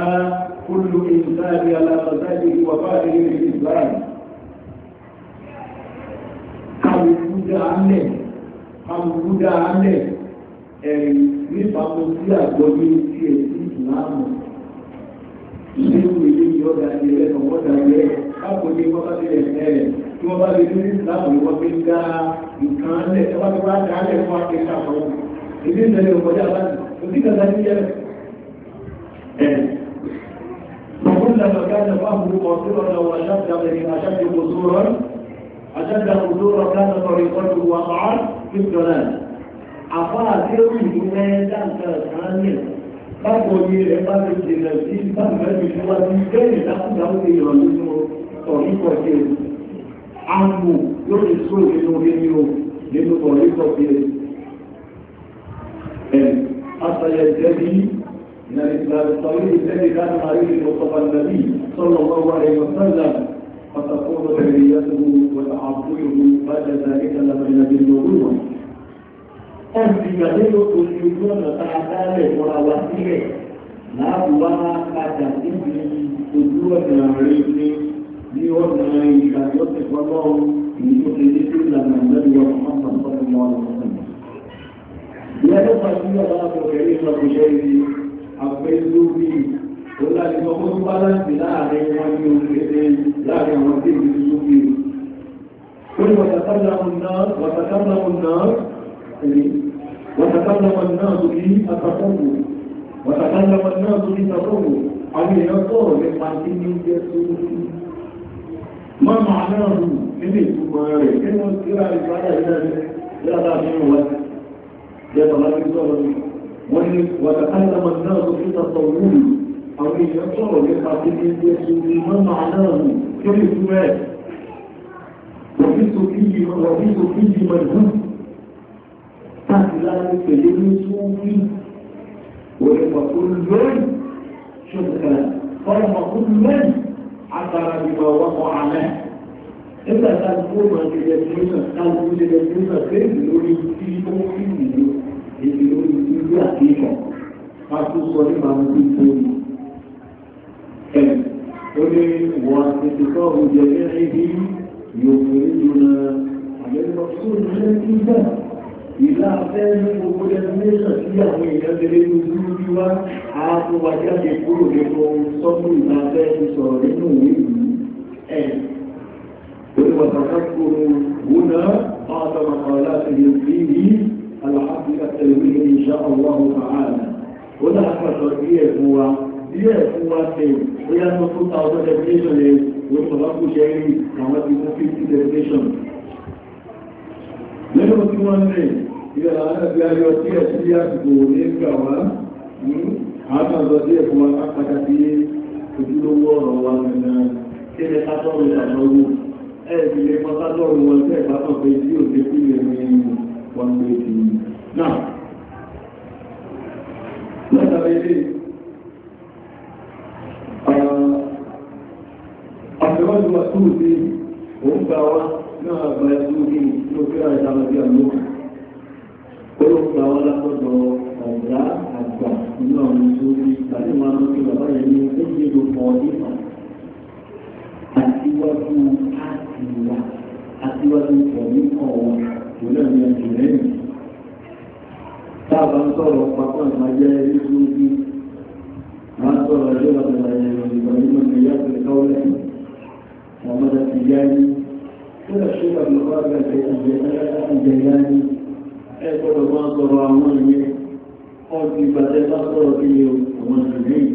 kúlù ìsáàrí alásàtàdé wàbáàrí ìrìnlẹ̀ ìsáàrí kálukú dáálẹ̀ kálukú dáálẹ̀ ẹ̀rìn nípapò sí àgbọ́yé tí ẹ̀ sí ìlànà ìlú ìlú yọ dàbí ẹ̀ ọ̀pọ̀ dàbí ẹ̀ káàkó ní wọ́n bá ti rẹ̀ ẹ̀rẹ̀ tí wọ́n bá lè ní ìlànà ìwọ́n fi ń dá nǹkan lẹ̀ ẹ̀ wá ti wá dáálẹ̀ fún akẹ́kọ̀ọ́ àwọn ìdí ìtẹ̀lẹ̀ ọ̀pọ̀já láti òbí kàtà ní yẹn ẹ̀ وكلما كان فهمه قاصرا وشد من اشد قصورا أشد الخطورة كان طريقته وقعا في الضلال àfáà tí ó rí ìlú mẹ́ta ìtàkàánlẹ̀ bákan ní rẹ̀ bá ti jìnà sí bámẹ́rin wá sí bẹ́ẹ̀ dákúdáwó ti yọ̀ nínú tọ̀ríkọ̀ tí ó àmù yóò lè só nínú nínú nínú tọ̀ríkọ̀ tí ó ẹ̀ àtàyẹ̀ jẹ́bí ìlànà ìlànà tọ̀rí ìlẹ́ni láti máa rí ìlú ọ̀pọ̀lọpọ̀ فتكون تربيته وتعطيه بعد ذلك لما يجد الوضوء Olùdíjọ́lérò olùdíjú ọ̀nà tá a dálẹ̀ fúnra wa sílẹ̀ láàbùwá padà níbi ojú ọ̀nà rẹ̀ ní ní ọ̀nà ìgbàgbọ́ tẹ̀kọ́lọ́ ìlú tó lè dédé ìlànà ìlẹ́nu ọ̀nà ọ̀sán ọmọ ọ̀sán ó láti sọ fún báláǹsì láàrin wọn ní orílẹ̀-èdè láàrin àwọn tí ìlú sókè Kuli watasallamu nnas watasallamu nnas watasallamu nnas bi atasawu watasallamu nnas bi atasawu àwọn èèyàn sọ̀rọ̀ nípa tí ní jẹ́ sókè máa máa náà rù nílé ìtumọ̀ rẹ̀ kí wọ́n ti rà ìpàdé ìlànà yàtà nínú wa yàtà láti sọ̀rọ̀ wọ́n ni wàtàkàlà náà tó fi tàtọ̀ àwọn èèyàn sọ̀rọ̀ nípa tí ní ẹgbẹ́ ṣúgbí mọ́nà náà mú kí ní fún ẹ̀ wọ̀físo kí yí mọ̀lú láti láti pẹ̀lú ní ṣúgbí wọ̀lẹ̀pọ̀kúrú lórí ṣùgbọ́n ọlọ́pọ̀kúrú lórí agbára ìgbà wọ́pọ̀ alẹ́ nígbà táwọn tó máa ń jẹjẹ sí náà táwọn tó jẹjẹ sí náà kéèkì lórí tí ó ń fi ìlú èdè lórí ìlú àti ìkọ̀ ká tó sọ nípa mú sí ìtòyìn قل جميعه يخرجنا على المقصود من الكتاب إذا أعطاني أقول الناس فيهم يدري الوجود وعاق ما قلوبهم صبر منه صارمه وتفكر هنا بعض مقالاته فيه الحق التلميذ إن شاء الله تعالى هنا أكثر هو díẹ̀ fún wa sẹ́yìn bóyá ní two thousand definition lè wọ́n sọ bá kú ṣẹ́rí àwọn ti fún fifty definition. lẹ́nu tí wọ́n lè ilẹ̀ àwọn ẹgbẹ́ ayọ̀ díẹ̀ sí àsìkò ní gbà wá hmm? àwọn àgbà díẹ̀ fún wa pátá sí ojúlówó ọ̀rọ̀ wa nìyà kí ẹ sátọ́rù ìtàlọ́wọ́ ẹ ti lè kọ́ sátọ́rù wọn الرجل مسؤول وهم قالوا ما مسؤول لو كان يتعامل فيها النور كلهم قالوا لقد ọ̀gá àgbà nínú àwọn ìṣòro tàbí máa ń fi bàbá yẹn ní oúnjẹ tó pọ̀ nípa àtiwájú àtiwá àtiwájú pọ̀ nípa ọ̀wà tó náà ní ẹ̀jẹ̀ lẹ́yìn. tá a bá ń sọ̀rọ̀ papọ̀ ìgbà jẹ́ ìṣòro bí máa ń lẹ́yìn. ومدى الدياني كل شيء بالمقابل بين الدياني أيضا ما ترى عمانية أو في بدل أخرى في عمانية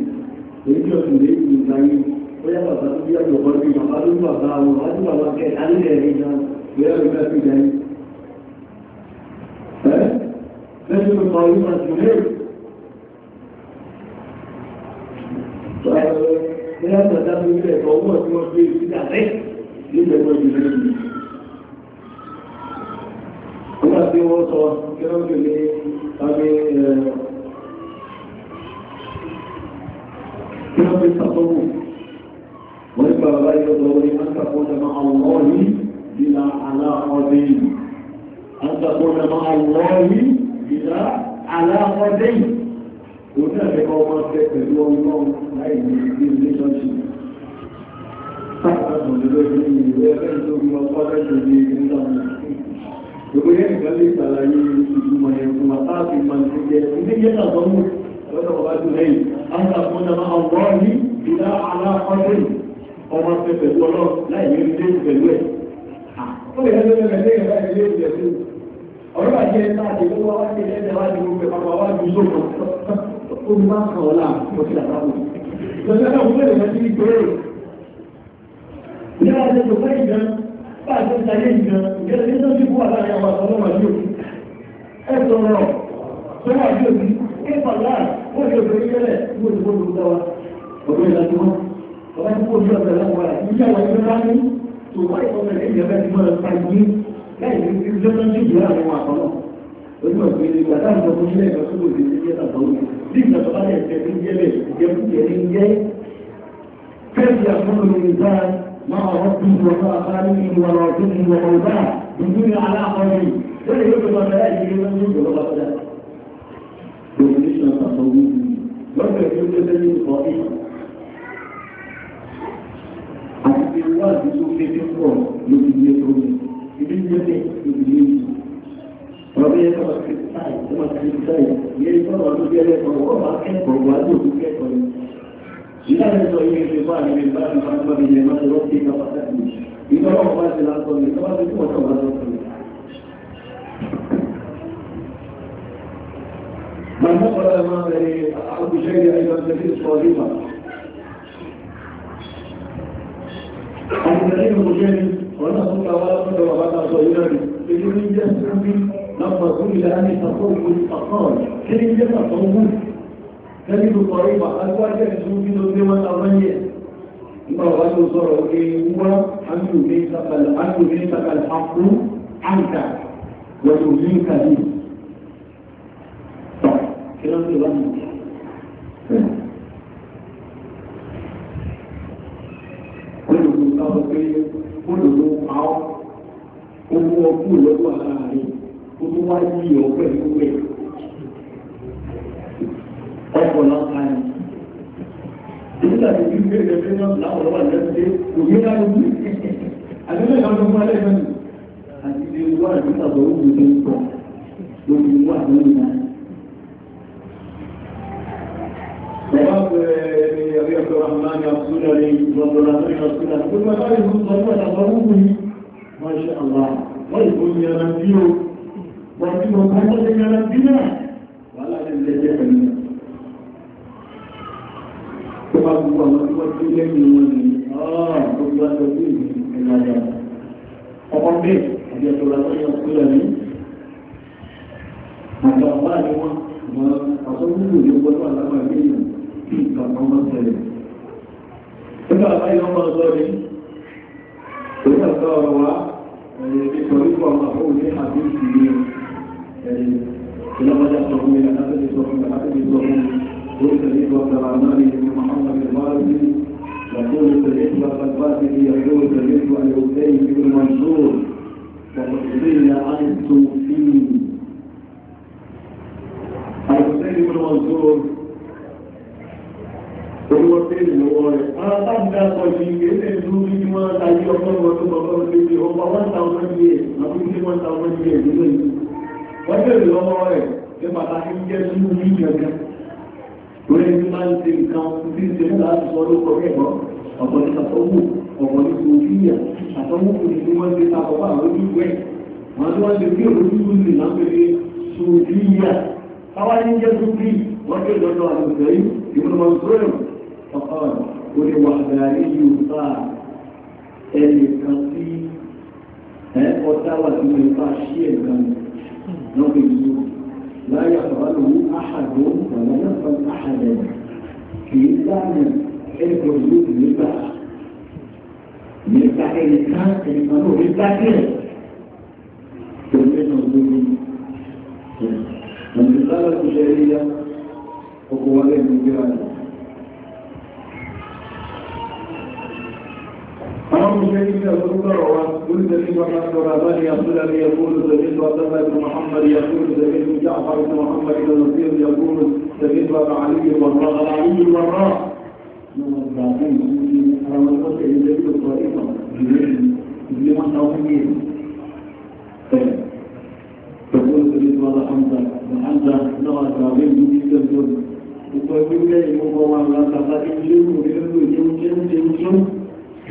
ويجب في يجب أن يجب أن يجب أن يجب أن يجب في يجب أن يجب أن يجب أن يجب أن يجب أن يجب أن يجب أن يجب أن يجب أن يجب أن يجب bóyá gbàdá mi ilé ẹ̀kọ́ owó tí wọ́n gbé sí dàrẹ́ nígbà ẹ̀kọ́ ìlú rẹ̀ mi. nígbà tí wọ́n sọ kí wọ́n gbé ní abẹ́ kí wọ́n gbé sàtọ́wò wọ́n ní bàbá bá yọ lọ́wọ́ ní àtàkùnrin máa wọ́ yìí ìlà aláàkọ́dé yìí àtàkùnrin máa wọ́ yìí ìlà aláàkọ́dé yìí òun náà lè kọ́ ọgbọ́n fẹ́ pẹ̀lú ọgbọ́n láì ní ilé relationship sáàtàkùn lórí ìwé ẹgbẹ́ ìtòrí ọkọ́ lẹ́jọ́ ní ìgbìmọ̀ gbogbo yẹn nìkan lè ṣàlàyé ìtumọ̀ yẹn fún wa táàbì máa ń ti jẹ ilé yẹn náà tó mú lọ́dọ̀ ọba tó lẹ́yìn àwọn àkọ́jà máa ń wọ́n ní ìdá aláfọ́dé ọmọ fẹ́ pẹ̀lú ọlọ́run láì ní ilé pẹ̀lú ẹ̀. ó lè lọ́dọ̀ ẹ̀ lẹ́yìn láì ní ilé pẹ̀lú ọ̀rọ̀ ó bá a ti nígbà tó bá yẹ̀ tẹ̀lé jẹ́ bẹ̀ ìjẹ́kújẹ́ ní jẹ́ كيف يكون الإنسان مع ربه ومع خالقه ورازقه ومولاه من دون علاقة به لا يوجد ملائكة لمن يوجد غفلة ويجلسنا تصوره وكيف يوجد للقائمة حتى الوالد يسوق في الكون يجب يدرسه يجب يدرسه يجب يدرسه ربي يتمسك Ìdájọ́ sọ yìí ṣe bá ìrìn bá ìrìn bá ìrìn bá ìrìn máa lọ sí ìgbà pàtàkì. Ìgbọ́nà ọ̀pá ti lásọ ní ìgbà tí wọ́n tọ̀wọ́ lọ́sọ. Màmú ọ̀rọ̀ ẹ̀mọ́ rẹ̀ àkùṣẹ́ ìrìn àìjọ́ ìjọ́ sọ nípa. Àìjọ́ ìrìn òṣèlú, ọ̀nà tó kàwá lọ́sọ̀rọ̀ bàbá sọ ìrìn àìjọ́ ìjọ́ لما سئل عن التصوف فقال كلمة تصوف كلمة طريقة الواجهة تسوكي تسوكي وتغني إما غير صرعك هو أن يميتك أن يميتك الحق عنك ويؤذيك به كلام الغني كله صرعك كله معه owó ọkú lọ́wọ́ ara rẹ̀ gbogbo wa yí ìyọ̀ pẹ̀lú pẹ̀ ọ̀pọ̀lọpọ̀ ni. Ìdílé àti ìdílé ìgbé ẹgbẹ́ náà láwọn ọlọ́wà lẹ́sẹ̀ kò yé láyé wí. Àdúgbò ìkan tó fún ẹlẹ́gbẹ́ mi. Àti ilé wa ìdílé àbọ̀ òun ti ń pọ̀ lórí wa lórí náà. Bàbá bẹ̀rẹ̀ ní ẹgbẹ́ ọ̀dọ́ Amáni Abdullah ní Bọ̀dọ̀lá lórí Abdullah. Gbogbo ẹgbẹ́ ìlú sọ fún ẹ̀dá ọ̀rọ̀ wù mí. Máṣe àwọn wọ́n ìbò ní bí o wàtí wọn kọ́ lọ́dẹ yàrá bí náà wàhálà lè lè jẹ́ pẹ̀lú náà. tó bá gbogbo àwọn tí wọ́n ti lẹ́yìn wọn ni gbogbo àjọ sí ìlú ẹ̀dá ọkọ̀ mi àti ẹ̀tọ́ làwọn yẹn kú lẹ́nu àti ọ̀pá ni wọ́n mọ àtọ́wúlò ní gbọ́dọ̀ àlámà ìgbéyàn kí nǹkan kan máa tẹ̀lé. Nígbà báyìí wọ́n máa sọ ní òṣèlú ọ̀rọ̀ wa ẹ̀yẹ̀ nítorí pọ̀ máa fóun ní àdéhùn ìlú Jadi kita banyak berkumpulan ada di sebuah ada di sebuah Kulis dan ikhlas dalam nari Ibn Muhammad bin Marzi Dan kulis dan ikhlas dan fasi Ia kulis dan ikhlas dan ikhlas dan ikhlas dan ikhlas dan ikhlas dan ikhlas dan ikhlas dan Al-Husayn ibn Mansur Al-Husayn ibn Mansur Al-Husayn ibn Mansur Al-Husayn ibn Mansur Al-Husayn ibn Mansur wọ́n bèèrè lọ́wọ́ rẹ̀ pé bàbá ń jẹ́ sí orí ìjọba lórí ẹni máa ń ṣe nǹkan tí ń ṣe ń láti sọ lóko ẹ̀gbọ́ ọ̀pọ̀ ní àtọ́wò ọ̀pọ̀ ní òfìyà àtọ́wò kò ní tí wọ́n ṣe tapọ̀ bá lójú ìwẹ̀ wọ́n tí wọ́n ṣe bí òfin tó lè máa ń pèlè sòfìyà káwá ní jẹ́ sófì wọ́n bèèrè lọ́dọ̀ àlùfẹ́ yìí ìmúlùmọ̀ sóyọ̀ ọ̀pọ̀ لا يقبله أحد ولا يقبل أحدا في إسلام الوجود لله لله الإنسان كلمة لله كلمة من المثال الشهرية وقوة المجالة أبو شريك يقول روى كل سبيل محمد وغازان يقول أبي يقول بن محمد يقول سبيل جعفر بن محمد بن نصير يقول سبيل وأبا علي والراء علي والراء تقول سبيل وأبا حمزة وحمزة نغى كرابين جديد يقول وقال بالله هو ما لا تقاتل شيء وبيقول شيء شيء شيء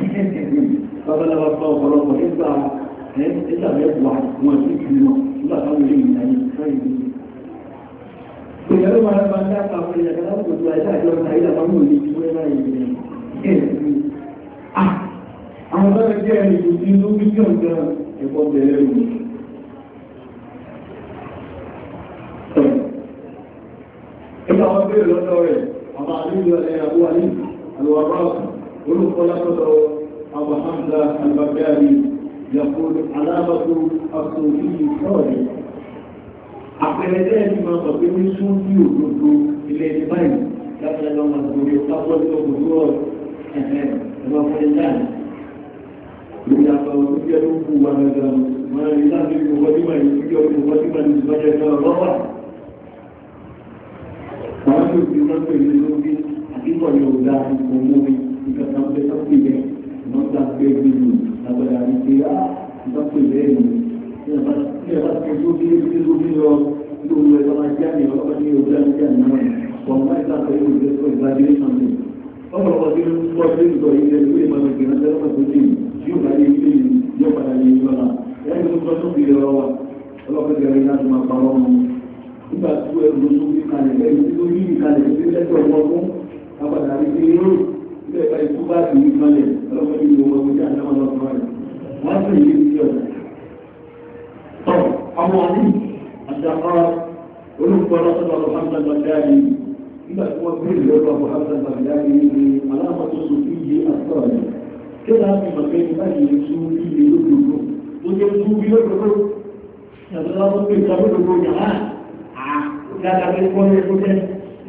babaláwa bí kí rẹ̀ àwọn àdúgbò ẹ̀yàwó àlè àlùwàbáwọ̀ ولو لقطه أبو حمزة البكاري يقول علامة الصوفي الصالح àpẹẹrẹ ẹni máa sọ pé ní súnfì òdodo ilé ẹni báyìí láti ẹlọ máa torí ọpọlọ tó kò tó ọ ẹhẹ ẹlọ fún ẹni náà ìyá àgbà òṣìṣẹ́ ló kú wa gẹ́gẹ́ máa rí láti fi wọ́dí máa yìí ìkẹta pé tọ́pù yẹ nọ́ńdà pé gbìyànjú lágbàdà àti pé á tọ́pù yẹ ni tí a bá ti tó bí ebi tó bí lọ lóru ẹ̀ lọ́wọ́ ajá ni ọlọ́pàá ní òbí ajá ni náà wọ́n máa ń sáfẹ́ ìlú ìgbésọ̀ ìgbàdúrà náà ọmọ ọdún pọ̀ sí ìtọ̀ ilé ìwé ìmọ̀ ìgbìmọ̀ tẹ́lẹ̀ pàtó sí yóò bá yé ilé yìí yóò padà yé ìlú ọ̀la ẹni tó tọ́ sókè lọ wa ọlọ́pàá ti rí láti máa parọ́ ọmọ nígbà tí ó ẹ̀rù lóṣù bí kalẹ̀ ẹ̀rù tí ó yí ìkalẹ̀ sí lẹ́tọ̀ ọmọ ọdún apàdà àti ilé yóò ilé ẹ̀ka ikú bá ti ní mọ́lẹ̀ ọlọ́pàá ní ìlú ọmọ ìjà náà lọ́pàá rẹ̀ wọ́n sì ní ìlú ọ̀dà. tọ́ ọmọ ní àjàkọ́rọ́ olùkọ́ lọ́sọ̀tọ̀ mohammed baghdadi nígbà tí wọ́n gbé ìlú ọ̀dọ̀ mohammed baghdadi ní alámọ̀tò sòfin yìí àtọ́rọ̀ rẹ̀ kí láà fi mọ̀ pé nígbà tí ìlú tún bí ilé lódodo tó jẹ́ tún bí lódodo yàtọ̀ láwọn pé ìta lódodo yàrá àá dáadáa pé wọ́n yẹ kó jẹ́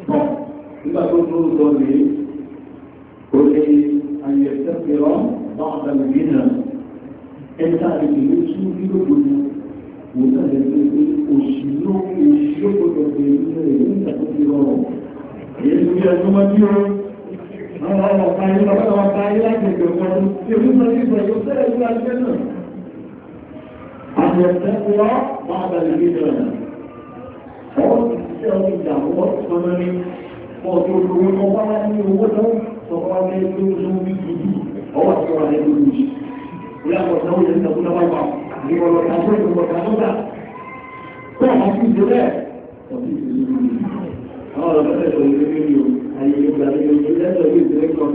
bọ̀ nígbà tó tó lọ rèé أن يستغفر بعض الجنة أنت على الجنس يقول وذلك أشيو أشيو بالجنة أنت تقول يلو يا نمديو أنا أقول لك أنا أقول لك أنا أقول لك أن يستغفر بعض الجنة أو تسأل الله عنه وصمني وتقول له tọwọ́ bẹ́ tó tó bí gidi ọwọ́ tí wọ́n lè lórí jù ìyàwó náà yẹ kí ọkùnrin bá wà ní ọ̀rọ̀ ìdájọ́ ìgbọ̀n kàdúgbà tó àwọn tí ìjọ bẹ́ẹ̀ ọ̀sìn ìjọ lórí àwọn ọ̀rọ̀ bẹ́ẹ̀ tó lórí ayé ìgbà lórí ìjọ lẹ́tọ̀ọ́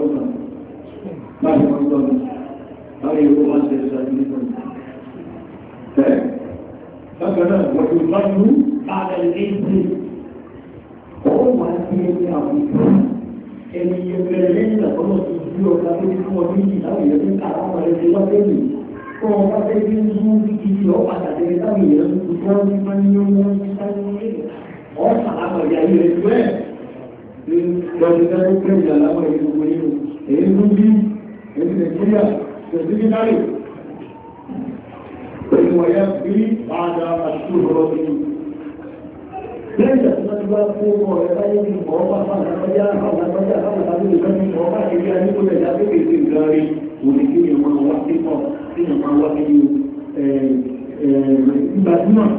bá fẹ́ bí ń mú ibi ọ̀padà jẹ́ táwọn èèyàn ń gbọ́ ní máa ń yọ wọ́n ní sáré ọ̀ sàlámọ̀ ìyá yìí rẹ̀ tó ẹ̀ lọ́dún tẹ́lẹ̀ pé ìyá lámọ̀ ìlú gbogbo nínú èyí ló bí èyí nàìjíríà tẹ̀sí ní náírà pẹ̀lú ọ̀yá bí àdá àṣùrọ̀ ọ̀dún lẹ́yìn tí bá fún ọmọ òní kí èèyàn máa wá sí pọ̀ kí èèyàn máa wá nínú gbajúmọ̀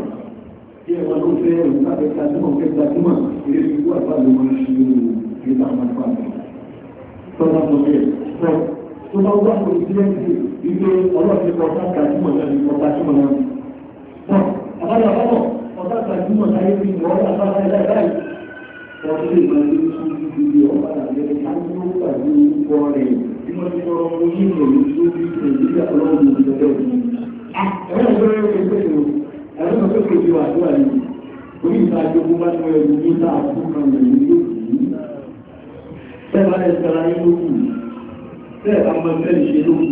kí èèyàn máa ló fẹ́ òun láti gbajúmọ̀ fẹ́ gbajúmọ̀ eré fi kú àbá ló máa ṣe nígbà máa fà mí. tọ́lá sọ bẹ́ẹ̀ sọ tó bá wá pẹ̀lú sílẹ̀ǹsì wípé ọlọ́ọ̀sẹ̀ kọ ọ̀tá gbajúmọ̀ náà ní ọ̀tá gbajúmọ̀ náà. sọ àbájá bọ́bọ̀ ọ̀tá gbajúmọ̀ láyé fi wọ́n àbájá ilé báyìí wọ́n ṣe tí wọ́n ti sọ̀rọ̀ fún yìí lò ní tó bí nàìjíríà ọlọ́run ní ìjọba ìlú. ẹ̀rọ ìgbẹ́ rẹ̀ ń pèsè o ẹ̀rọ ìgbẹ́ pèsè ojú àdúrà yìí orí ìta ìjọba bá ti wọlé ní ìta àkókò kan lè ní yóò kù. sẹ́ẹ̀bà ẹ̀ sara yín ló kù sẹ́ẹ̀bà mọ ẹ̀fẹ́ ìṣe ló kù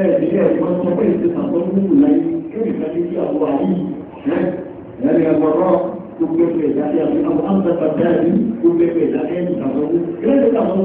ẹ̀ẹ́dẹ̀ẹ́dẹ́ wọ́n sọ pé ìṣèkàn tó ń wù láyé kébì gbogbo ẹgbẹ́ ìdájẹ́ àti àwọn àǹtàkà bẹ́ẹ̀ ní ìdájẹ́ ìtàwọn ilé ìdájẹ́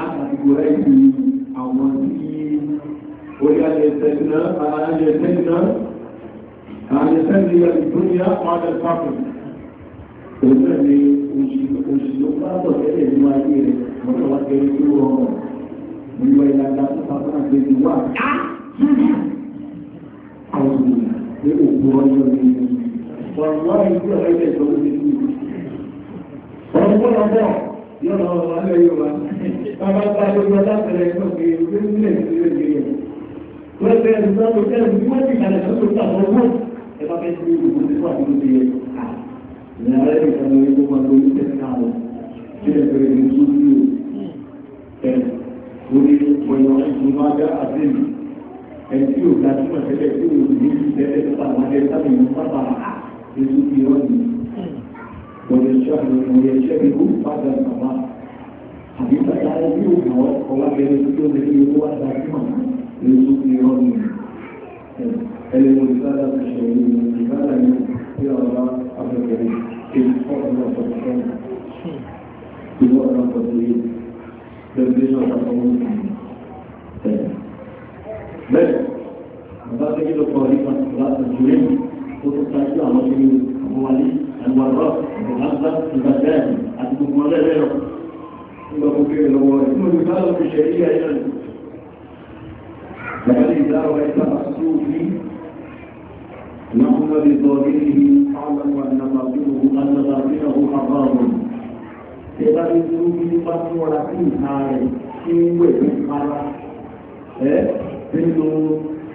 láti gbòrò ìlú àwọn tí orí àjẹsẹ́gbìnà àjẹsẹ́gbìnà àjẹsẹ́gbìnà ìdúnyà ọ̀dẹ̀ pápẹ̀ òṣèlú ni òṣìlú pápọ̀ tẹ́lẹ̀ ní ayé rẹ̀ mọ́tò wá kẹrin tó rọrùn nígbà ìlànà tó pàtàkì àgbègbè wà ah! àwọn ènìyàn ní òkú ọjọ́ ní ọ̀rọ̀ wáyé tó ẹgbẹ́ ìtọ́jú nínú ọ̀rọ̀ yọ́nà ọmọ alẹ́ yóò wá bàbá bá lórí alápẹ̀rẹ̀ ẹ̀kọ́ pé ìwé nílẹ̀ ìwé ìgbéyẹ̀ wọ́n fẹ́ ẹ̀sùn tó tẹ́ ẹ̀sùn wọ́n ti kàlẹ̀ tó tó tà wọ́n wọ́n ẹ bá fẹ́ sí ìwé tó wà nínú ìyẹn ní alẹ́ ìkan lórí gbogbo àgbo ní ẹ̀sùn máa dá ويشتغل ويشتغل بعد الصلاة حديث تعالى يوم هو بيقول لي هو دائما يسوق يوم المرسالة الشيء المرسالة يا الله عبد الكريم الصلاة والسلام هو رب العالمين بالبشر والقوم بل بعد كده طريقة صلاة الجنين وتتعلم على شيء ìgbòmọ̀lé ẹ̀wọ̀rọ̀ ìgbòmọ̀lá ìgbàgbẹ́ni àti gbogbo ọlẹ́rẹ́ ìgbàgbọ́gbẹ́ lọ́wọ́ ìgbòmọ̀ ìgbà lọ fi ṣe ilé ẹ̀yọ́ ni lẹ́yìn ìdáwọ̀ ẹ̀ta sóòfin náà wọ́n lè sọ nínú àwọn ànàmàbíhù ànàmàbíhù àbáwọn ìgbà lè tó bí bá tí wọ́n ra sí ìhà rẹ̀ tí ń wẹ̀ ní para ẹ́ nínú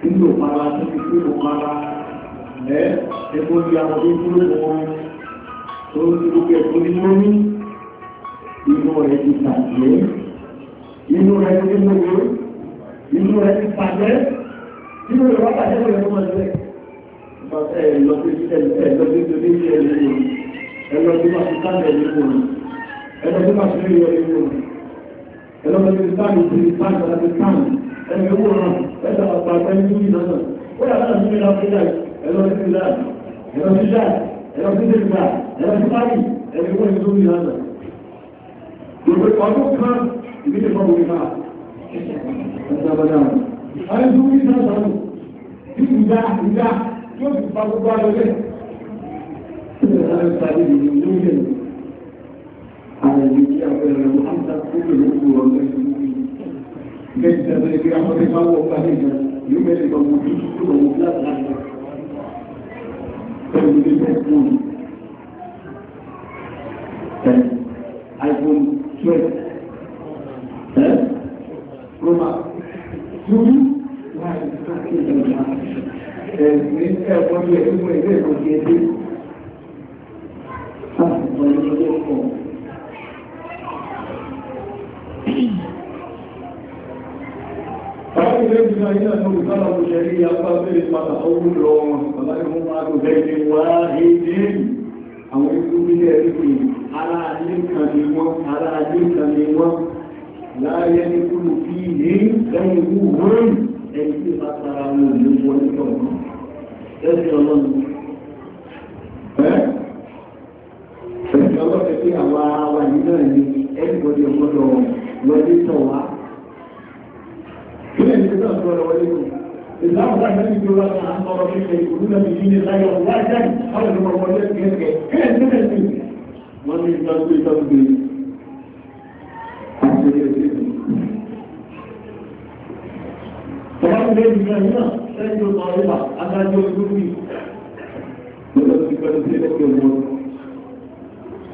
ìlú para tó fi kúrò para ẹ́ epo ti àwọn tó kúrò wọn tó ń ti gbogbo ẹ̀kọ́ ní lórí inú rẹ̀ ti tàbí inú rẹ̀ ti lóore inú rẹ̀ ti pàdé inú rẹ̀ wá pàdé wọlé tó máa jẹ́ ìpàtẹ́ ẹ̀lọ́gbé ẹ̀lọ́gbé tó ní ṣe ẹ̀lọ́gbé ẹ̀lọ́gbé máa ti sáàbẹ̀ ẹ̀lọ́gbé ẹ̀lọ́gbé máa ti rí ẹ̀lọ́gbé ẹlọ́mọdé sáàmì tí sáàmì láti sáàmì ẹni owó rán ẹ̀sà àpàtà ní ìlànà ó yà láti ní ìlànà أنا ايضا في البلاد ايضا في الجاد ايضا في البلاد ايضا في الطريق ايضا يقول يزوري هذا يقول قانون كان يبيت الفضل لفاعل انت بدانا انا يزوري هذا في مزاح مزاح يوجد الفضل بعد ذلك هذا التعليم من يوجد على الجميع وإلى محمد كل الأمور والمسلمين كيف تبرك يا حبيب الله فهيدا يملك المحيط كله مفلاس عنه pẹ̀lú ilé fóònù ẹ̀ iPhone twelve ẹ̀ roma lórí láì káàkiri ìjọba ẹ̀ ní ẹ̀kọ́ yẹ fún ẹgbẹ́ ìkọ̀jẹ́ dé láti gbọ́ ilé ọkọ̀. Ọlọ́pìnlẹ̀ ìgbìmọ̀ ìlànà olùkọ́lọ̀ òṣèré apá bẹ́ẹ̀ pàtà ọdún lọ wọn, ọlọ́pìnlẹ̀ wọn máa lò bẹ́ẹ̀ ni wá èdè àwọn ikú nílẹ̀ ìpè ara ayé kan ni wọ́n, ara ayé kan ni wọ́n, láyé ní kúrò fi ní lẹ́yìn wú wọ́n ẹni tí bá àwọn ara wa yìí ni ẹnìkan ti ọgbọ́dọ̀ lọ́dún wá. كل الكتاب وليكم الله الرحمن يقول لك عن طرفين يقولون بدين غير الله كان حول المرمجات كان كان كده الدين ومن يقول تنبيه طبعا ليه من هنا شيء طالبة أنا جوزوني ولو تكلم في لك الموت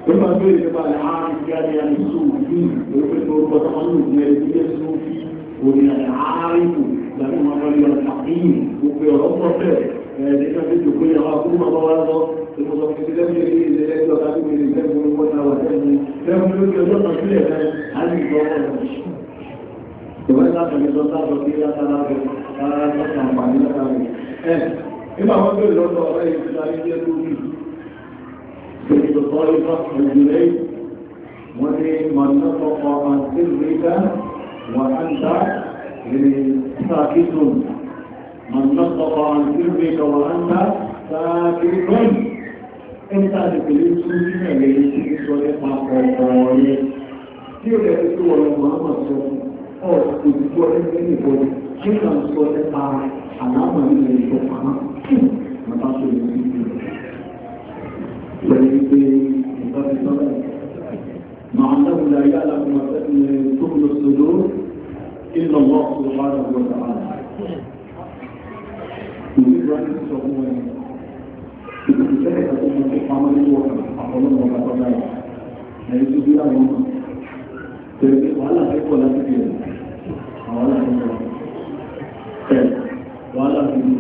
ثم أقول لك العام كان يعني الصوفي ويقول له بطمنه من الصوفي òní àárínkù ìgbàgbé wọn lọ yọ àkíyìn òpè ọ̀rọ̀ pọ̀fẹ́ ẹ̀ẹ́dẹ́gbà tó jòkó yẹn wá fún ọmọ wa lọ ìmọ̀sọ̀ kìí lẹ́nu yẹn ní ilé ẹgbẹ́ ọ̀tá tó gbèrè lẹ́nu wọn náà wà lẹ́nu lẹ́nu lókè ọjọ́ kan sílẹ̀ rẹ̀ á lè gbọ́ ọ̀rọ̀ ìwé látàrí lọ sáàtọ̀ kí látara rẹ̀ rárá sọ́kà àǹfààní látara rẹ̀ ẹ̀ nígbà wọn bẹ̀rẹ̀ lọ́tọ̀ ọ̀rẹ́ ìfúnayé jẹ́ lórí ìṣòkòtò ìfọ̀kànlẹ̀ wọ́n ní mọ̀nà ọkọ̀ àti ìrẹ́gbẹ́ وأنت ساكت من نطق عن سرك وأنت ساكت انت تكلم سنين عليه سورة مقاطعية tí ó lẹ́yìn tó wọ́n lọ́wọ́ àwọn sọ ọ́ òtítọ́ ẹgbẹ́ nìkan kí n kàn sọ nípa àlámọ̀ ilẹ̀ ìfọ̀pamọ́ bàbá tó lè fi ìlú pẹ̀lú إلا الله سبحانه وتعالى Ìgbésí wọn ti sọ fún wọn. Ìgbésí wọn ti sọ fún wọn pé pamọ́ nínú ọ̀rọ̀ àpọ̀lọ́mọ̀ ọ̀gá tọ́lá yìí. Ẹni tó bí láwọn ọmọ. Bẹ̀rẹ̀ pé wàhálà fẹ́ pọ̀ láti bẹ̀rẹ̀. Àwọn aláàbò ń bọ̀. Ẹ̀ wàhálà fi mú.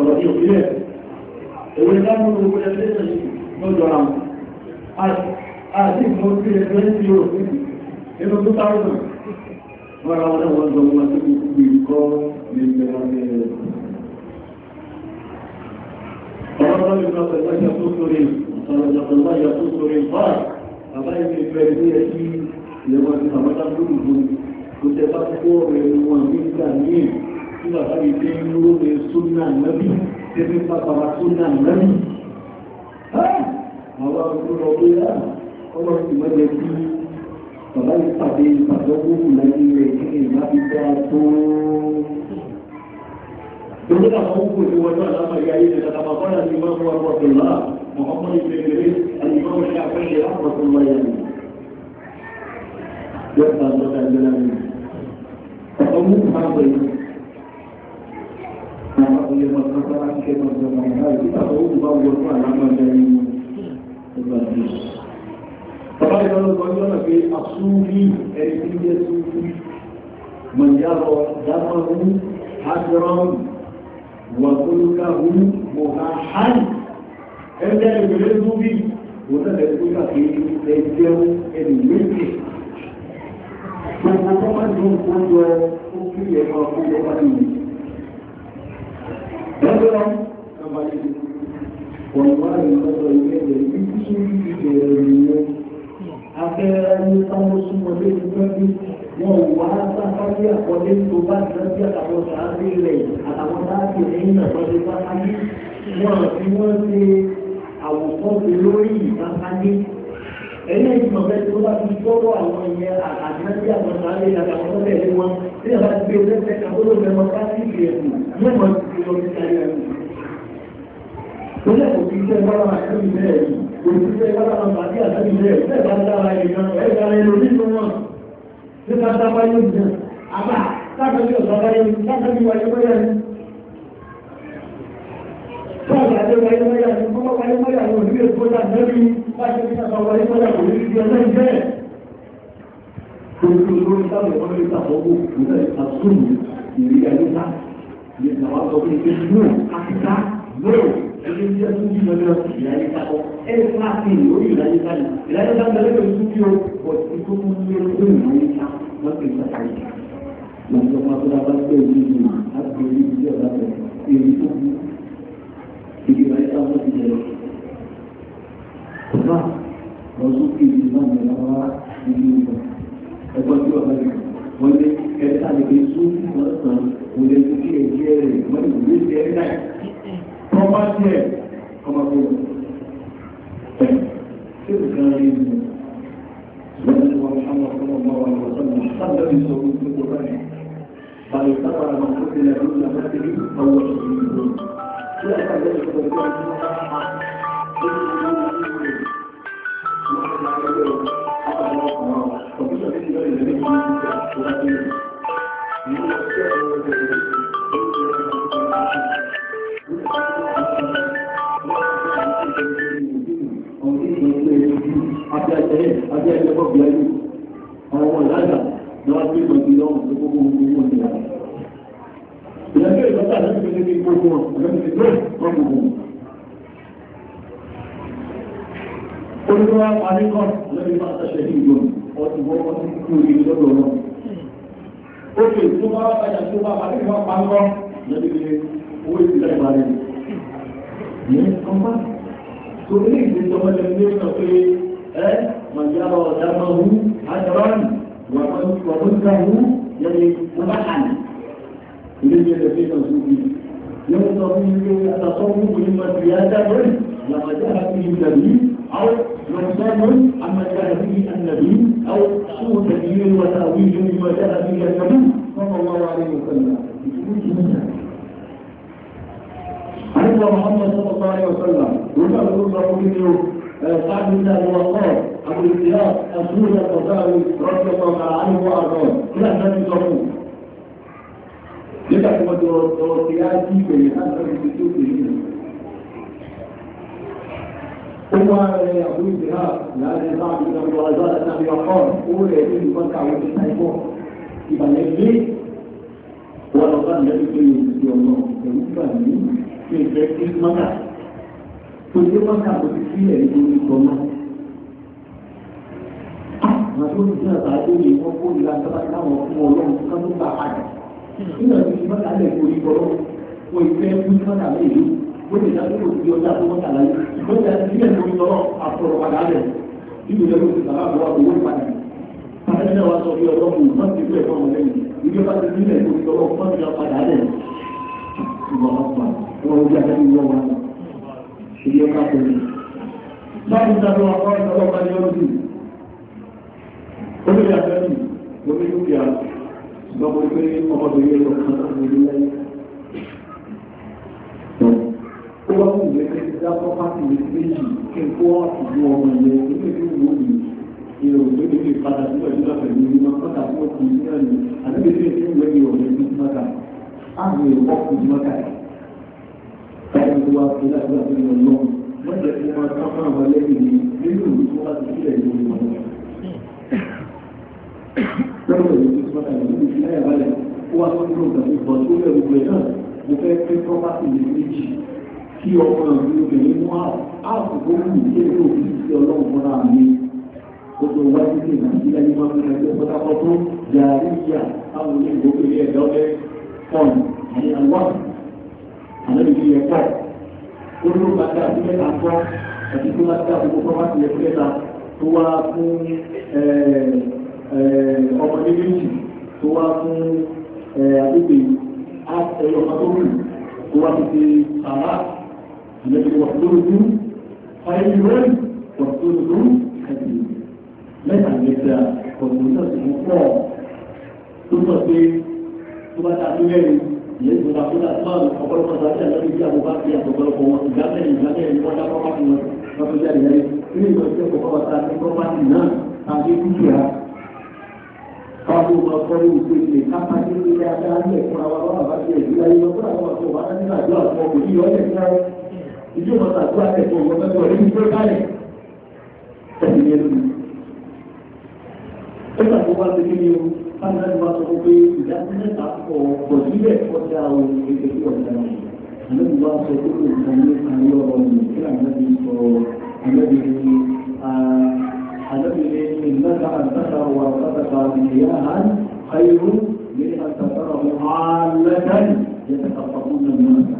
Ọ̀rọ̀ yóò fi lẹ̀. Èwe dáhùn owó ẹgbẹ́ náà lọ́jọ́ àwọn àti ìmọ̀sí ẹgbẹ́ tí ó rí nínú tó tààrù wọ́n ra wọ́n wọ́n lọ wọ́n tí ó kú ikọ́ ní ìgbẹ̀rẹ̀ ọ̀rọ̀ ìgbẹ̀rẹ̀ tó sórí ọ̀rọ̀ ìgbẹ̀rẹ̀ tó sórí báyìí àbáyé ìgbẹ̀rẹ̀ ní ẹ̀kí ìyẹ̀wọ̀n ti àmọ́ta lóòrùn kò tẹ́ bá tó rẹ̀ wọn nígbà ní ìgbà báyìí tí ń lóòrè súnà lẹ́bí tẹ́bí pàpàrà súnà lẹ́bí ọlọ́run ti wọ́n jẹ kí bàbá yìí pàdé ìpàdé ọgbọ́n lẹ́yìn rẹ̀ kí ni ìgbà fi dá tó. Ìjọba àwọn ọmọ òkú ìwọ̀n náà lábàá ìyá yìí lẹ́la bàbá bọ́lá ti máa ń wá bọ́ ọ̀dọ̀lá mọ̀ọ́mọ́ ìgbẹ̀gbẹ̀rẹ̀ àyíkọ́ ṣe àfẹ́ṣẹ́ àpọ̀tọ̀ wáyà ni. Yọ̀ọ̀ta lọ́ta ìjọba ni. Ọmọ òkú máa ń bẹ̀rẹ̀. Àwọn akọ̀lẹ́ bàbá ìlú ọlọ́gbọ́n ní ọ̀nà pé àsúrí ẹni tí jẹ́ súnfú mọ̀nyálọ̀ dámọ́rú hajjọ́rọ̀mù wàtólúkàwú mohamed ẹgbẹ́ ìgbẹ̀rẹ̀ súnfí òtẹ́lẹ̀ tó kàkiri ẹgbẹ́ ẹni méjì gbogbo ọmọ tó ń kó jọ ó kí ẹ̀kọ́ ọkọ̀ ọmọ nìyí ẹgbẹ́ ọmọ akẹ́rẹ́ táwọn súnmọ́ lé ní pẹ́ẹ́bí wọn ò wá sáfárí àkọlé tó bá ìrántí àtàwọn sàárè rẹ̀ àtàwọn láti ẹ̀yìn àtọ́jú sáfárí wọn àti wọ́n ṣe àwòkọ́ṣe lórí ìsáfárí ẹ̀yìn ìgbìmọ̀ bẹ́ẹ̀ tó bá fi gbọ́dọ̀ àwọn ìyẹn àtàkùnrin àwọn sàárè àtàwọn ọ̀tẹ̀lẹ̀ wọn tí a bá gbé lẹ́sẹ̀ kan ó ló fẹ́ mọ Ilé òṣìṣẹ́ gbọ́dọ̀ àtẹ́bí bẹ́ẹ̀ yìí, òṣìṣẹ́ gbọ́dọ̀ àti àtẹ́bí bẹ́ẹ̀ yìí, bá dára èèyàn, ẹ̀dá rẹ̀ lórí tó Ṣé ká dábá yóò jẹ? Àbá, lábẹ́bí ọ̀sán yóò, lábẹ́bí wáyé mọ́yà ní ti ọjọ́ Bro, ẹgbẹ́ ẹ̀ta lè fi sún ìgbà sàn, òun lè fi kí ẹ̀jẹ̀ rẹ̀ wọ́n lè fi ọmọ bá tí ẹ̀ ọmọ tó ṣe lè kan rí ìlú lọ́wọ́ wọn sáwọn ọmọ ọmọ wọn lọ sọ́nà sábẹ́ mi sọ wípé kò bá yẹn bàlẹ̀ sábà àwọn tó ti lẹ̀ wá parí kan lórí máa tẹ̀sẹ̀ ní ìlú ọdún wọn wọn ti kú orí lọ́dọ̀ wọn. ó fi tó bá wá padà tó bá parí kan pa ń kọ́ lórí pé owó ìpínlẹ̀ ìbàdàn. ìyẹn kan bá tó ní ìdí tọmọ lẹ ní sọ pé ẹ màjá ọ̀dà máa wú àjọrán wà wọ́n ń ká wú yẹni wọ́n bá hàn. ilé ìjẹ́ lè أو نقصان عما جاء به النبي أو سوء تدبير وتأويل مما جاء به النبي صلى الله عليه وسلم حتى محمد صلى الله عليه وسلم وكان كله منه سعد بن ابي وقاص ابو الاختيار اسود القطاوي رضي الله تعالى عنه وارضاه كلا من يصومون لذلك ما توصياتي في هذا الانستيتوت هنا وما يعود بها لا يضع إلى الوعزاء أنه يقام أولى يدين فتع وجه أيضا إذا يجري ولقد يجري في الله يمكن في الفكر المكان كل يوم كان بكثير يقول الله Màtún ní ìjọba àti ìlú wọn kó ìlà sábà káwọn fún ọlọ́run kan tó bá a rẹ̀. Nígbà tí ìjọba àti ìlú ìgbọ́rọ̀ wọ ìfẹ́ fún ìjọba àti ìlú wọ́n yẹn dájú òbí ọjà tó wọ́n kàlá yìí wọ́n yẹn ti yẹn lórí lọ́rọ́ àtọ̀rọ̀ padà rẹ̀ nínú ìyẹn lórí bàbá àbúrò àbúrò ìpàdé pàtàkì náà wá sọ bí ọjọ́ mú wọ́n ti fẹ́ fọ́ wọn lẹ́yìn ìdí ọba ti nílẹ̀ lórí lọ́rọ́ wọ́n ti yẹn padà rẹ̀ ṣùgbọ́n ọ̀pá wọn ò bí akẹ́kọ̀ọ́ yọ wọn lọ ìdí ọba tó ní. báyìí sábà wọn kọ́ ìtọ́lọ́ bá yọ lórí omi àgbẹ̀rù omi dúkìá ṣùgbọ́n mo gbé ọmọbìnrin lọ tó bá wù mí pé ti dá pọ́pátì mi méjì kí n kó àtìlú ọmọ yẹn nínú ìlú wo ni èrò tó lè fi padà sí ọjọ́ ìjọba pẹ̀lú ìlú máa pátá fún ọkùnrin ní ẹ̀yìn àdébí tí èyí ń wẹ̀yìn ọ̀rẹ́ ní mọ́tà àmì ọkùnrin mọ́tà ẹ̀yìn tó wá sí láti láti lọ lọ wọ́n jẹ́ kí wọ́n ká fún àwọn lẹ́yìn ní nínú ìlú tó wá sí sílẹ̀ ìlú wọn. lọ́wọ́ ìlú tó wá sí ìlú kí ọmọ mi obìnrin mú ààbò tó wù kí èrò òfin sí ọlọ́run fúnra mi ó tó wájú sí nàìjíríà ní wọn fún ẹgbẹ́ pátákó tó yàrá ìyá àwọn ilé ìgbókèlé ẹ̀dá ọ̀lẹ́ fọ́ọ̀nù àyè àwọn àlejò yẹ pọ̀ ó ló bá dá sí mẹ́ta kọ́ àti tó bá dá gbogbo kọ́ bá ti yẹ fún mẹ́ta tó wá fún ọmọdé méjì tó wá fún àgbègbè ẹ̀yọ̀ kan tó tó wá fi ṣe àrà الذي وصوله خير وصوله حديث ليس عن جدا والمنتصف مقرار تصفي ثم تعلمين يجب أن تكون أسماء الخبر الخزائية التي هي مباقية تضربهم وتجاهل الجاهل ولا تقرأ من رجال إليه إن يجب فقط أن تقرأ الناس عن فيها Kalau baru ini, apa yang kita ada ni? Kalau orang baca, dia itu orang orang tu, orang ni lah jual, mau beli, orang ni lah ìjọ máa tàbí àtẹ̀kọ́ ọmọ mẹ́kọ̀ọ́ rí ìgbé kalẹ̀ tẹ̀lé yẹn lónìí. ó gbà tó wá sí kí ni o fáwọn ẹni wá sọ pé ìdá mẹ́ta kọ kò síbẹ̀ kọjá ohun èdè tí wọ́n dáná yìí. àmọ́ ìwà sọ pé kò nǹkan ní ayé ọ̀rọ̀ mi kí àmọ́bí sọ àmọ́bí ni àmọ́bí ni ìgbàta àgbàta wà àgbàta ìyá hàn ayélu ní àtàkàrà mọ́ àlẹ́kàn yẹ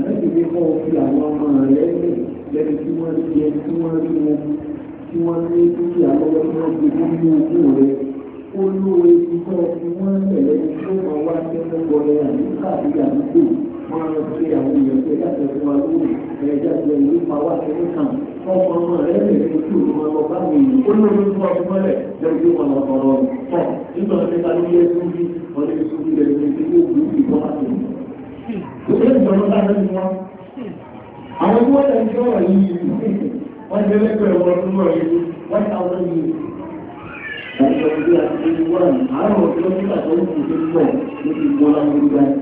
àlẹ́bìbí kọ́ fi àwọn ọmọ rẹ̀ lẹ́yìn lẹ́yìn tí wọ́n jẹ tí wọ́n rí wọn tí wọ́n ní kí àwọn ọmọ rẹ̀ gbogbo ní ogún rẹ̀ ó lóore tí kọ́ fi wọ́n tẹ̀lé tí ó máa wá sí ọgbọ́n rẹ̀ àti káàkiri àdúgbò wọ́n á ṣe àwọn èèyàn tó fún wa lórí ẹ̀ẹ́dá jẹ ìlú pa wá sí ní kàn ọmọ ọmọ rẹ̀ lè fi kú ìwọ̀n lọ bá mi ó lóore tí wọ́n fi mọ́lẹ̀ lẹ́yìn wọn lọ tọ̀ nígbà tí ta ló yẹ Òṣèlú Àwọn tí wọ́n lẹ́nu ọ̀rọ̀ yìí wọ́n jẹ́ lẹ́gbẹ̀ẹ́ wọn tó lọ yìí wọ́n ta wọ́n yìí. Wọ́n sọ pé àti ẹni wọ́n rìn àárọ̀ ọjọ́ nígbà tó ń kù tó pọ̀ níbi ìmọ̀lá gbogbo ẹ̀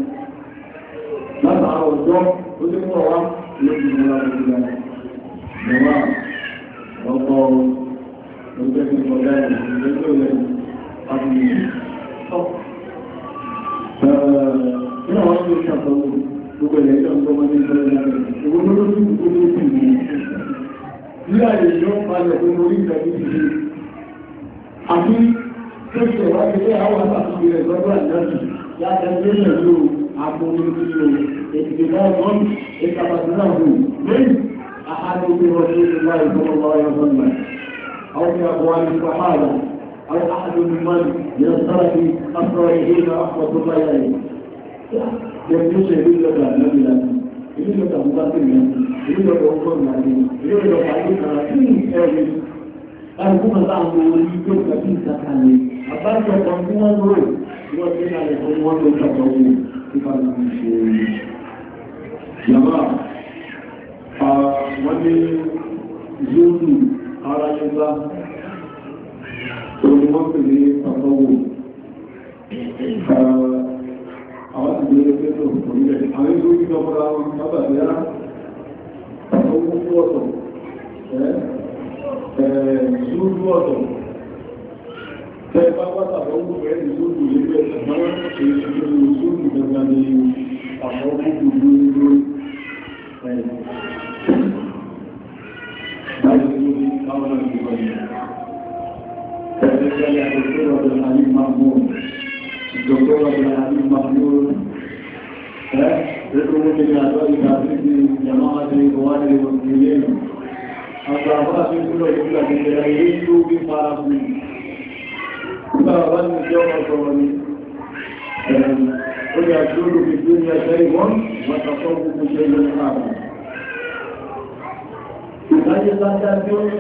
gbogbo ilẹ̀ ìjọ tó wọ́n ní ìjọba ìwọ lóró sí gbogbo ní ìpín ní ní àyè yóò palẹ̀ tó lórí ìgbà ní ìdí àti tó ṣe wá ilé àwọn àtàkùn ilẹ̀ lọ́dọ̀ àjájú láti ẹgbẹ́ ilẹ̀ ló àpò orí ló èdè náà wọ́n ìtàbàtúrà wù lẹ́yìn àhàdógbé wọn ní ìlà ìfọwọ́wọ́ ọ̀yọ́ أو في أقوال الصحابة أو أحد ممن يسترد أسرائيل رحمة الله عليه Yẹ̀kú ìlú ìjọba ànábì ìlú ìjọba àbúgbà ìlú, ìjọba ọkọ̀ ìlú ìjọba ayé kan sí ẹ̀rí. Àrùkú kan láwọn ọmọ orí tó ń tàbí ìtàkàlẹ̀. Àbájọ kan tí wọ́n rò, wọ́n ti ń alẹ̀ fún wọn tó ń tàbí ọmọ àwọn ti lè pé tó orílẹ̀ àwọn ìlú ìjọ fọ́ra wọn bàbá ìyára owó fún ọ̀tọ̀ ṣúrú ọ̀tọ̀ tẹ́ bá wátàbọ̀ owó rẹ̀ ní ṣúrú ilé ẹgbẹ́ ṣùgbọ́n ṣúrú gbogbo ní àwọn gbogbo ìlú Thank you. الدكتور عبد العزيز محمود رئيس الأعضاء التعزيز جماعة إخوان المسلمين الضعفاء في كل جملة تغيير بفرض فرضا يوم القيامة قل يجول في الدنيا شيء وتصوف شيء آخر هذه قد تكون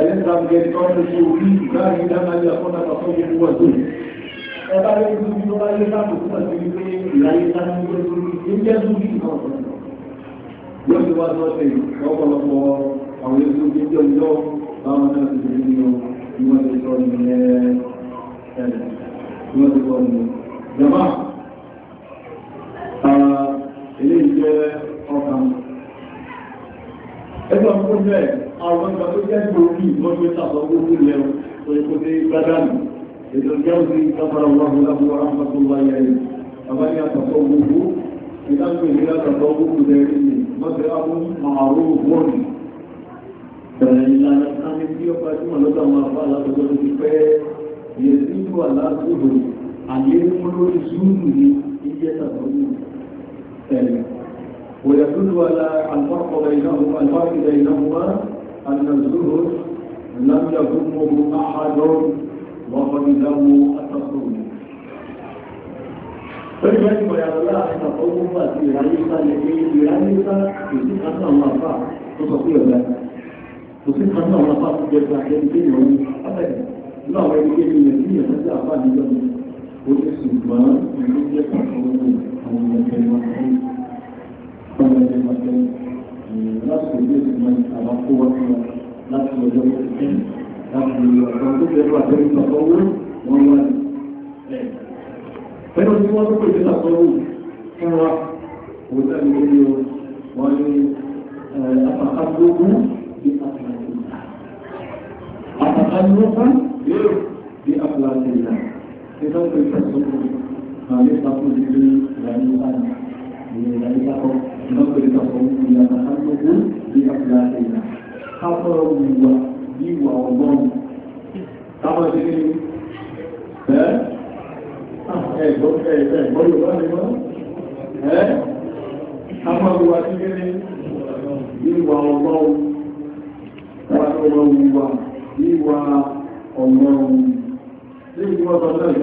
ولا ينفع بين قوم الشيوخين باهي لما يكون تصوير وزن ẹ̀bá rẹ̀ tó bí lọ́wọ́ ayé sáàmù fún àti wípé ìlàyé sáàmù tó tó ní jẹ́ lórí ìkan ọ̀sán yóò ti wá sọ́ọ̀tẹ̀ lọ́pọ̀lọpọ̀ àwọn èso tó jẹ́ ọjọ́ báwọn náà ti rí nínú bí wọ́n ti sọ ní ẹ̀ bí wọ́n ti sọ ní jama eléyìí jẹ́ ọkàn ẹgbẹ́ ọkùnrin bẹ́ẹ̀ àwọn ìgbà tó jẹ́ gbòógì lọ́jọ́ ìtàbọ̀wò ilẹ̀ òyìnbóde gbádàmì ètò ìjọ́sí kápára wọn lábú aráńpàtọ́lá yẹn àbáyé àtàkọ́ gbogbo ìdájọ́ ìlera àtàkọ́ gbogbo lẹ́rí ni mọ́tẹ́ ábú màáró wọ́ọ̀nì bẹ̀rẹ̀ ìlànà sáni tí ó bá jùmọ̀ lọ́dọ̀ àwọn afá alábọ̀tọ́ ló ti pẹ́ yẹ sí ìlú aláàbò àyè mú lórí zúùlù ní ìjẹ́ àtàkọ́ gbogbo ويدل على الفرق بينهما الفرق بينهما أن الزهد لم يهمه أحد وقد ذموا التصوف فلذلك يا الله التصوف في رئيسة لكي يرمز يصيب أن الله صار تصوير ذلك يصيب أن الله صار جزاء كثير أبدا لا غير كثير من الدنيا حتى أفعال الجنة والاستثمار من وجهة الحكومة أو من الكلمة الحكومة láti ìlú ìsinmi àwọn tó wọ́n fún wọn láti ọjọ́ ìsinmi láti ọ̀sán tó fẹ́ wà lórí ìsọ̀kọ́wó wọn wá ní. pẹ̀lú tí wọ́n tó pè sí ìsọ̀kọ́wó fún wa kò sẹ́ni lórí o wọ́n ní àpàkàgbógún bí àpàkàgbógún. àpàkàgbógún yóò bí àpàkàgbógún. ìsọ̀kọ́wó ìsọ̀kọ́wó àlẹ́ ìsọ̀kọ́wó ìlú ìlànà ولذلك نضرب قومنا تخلفا بأفلاحنا كفروا بي وظلموا táwọn ṣe ní ẹ́ ẹ̀gbọ́n ẹ̀gbọ́n yorùbá ni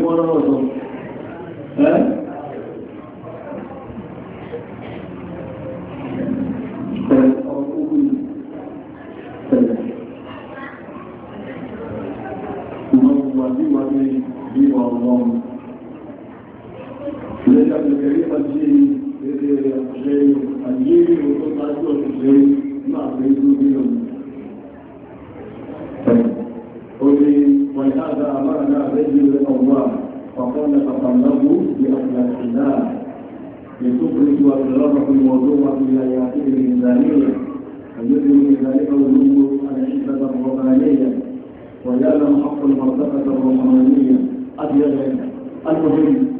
wọ́n ẹ́ that are always better. اللهم بما بما اللهم ليس بكريم الدين الشيء الدين وتطلع الشيء مع بيت الدين قولي ولهذا أمرنا رجل الله فقال فقال له بأخلاق الله وتلرح الموضوع الى يعتبر الانسانيه فيدرك ذلك الوجود العزه الربانيه ويعلم حق المرتبه الرحمانيه ابيض المهم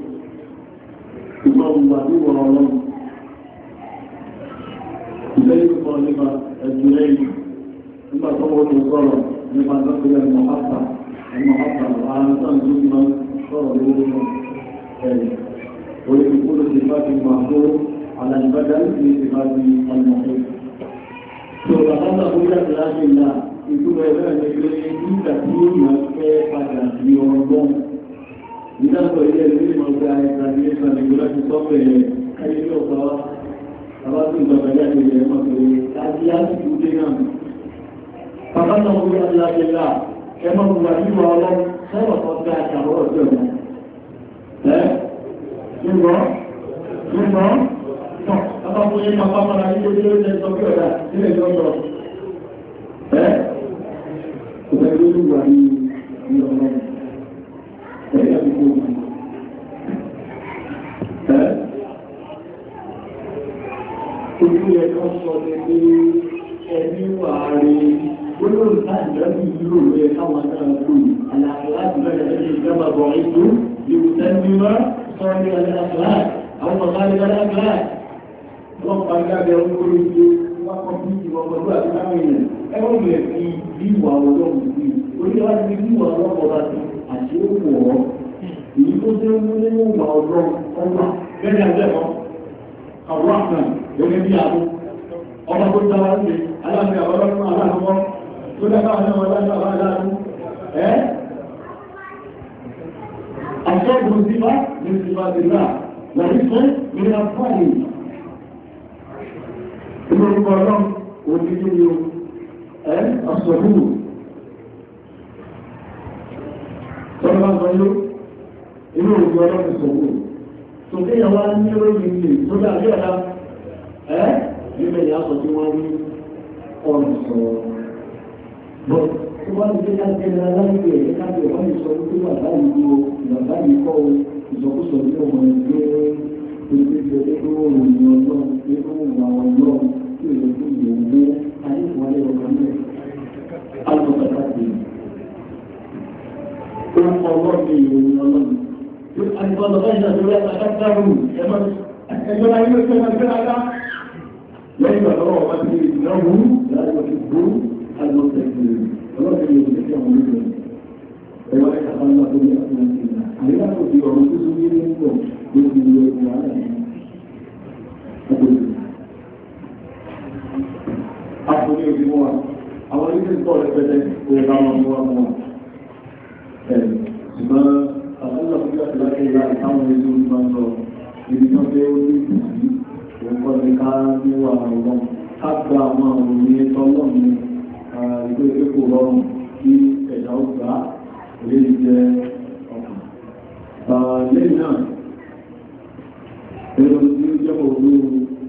ohun tí ó jẹ́ òru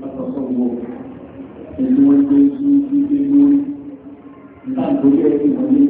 àtọ̀sọ̀wọ̀ ẹ̀sùn wọn gbé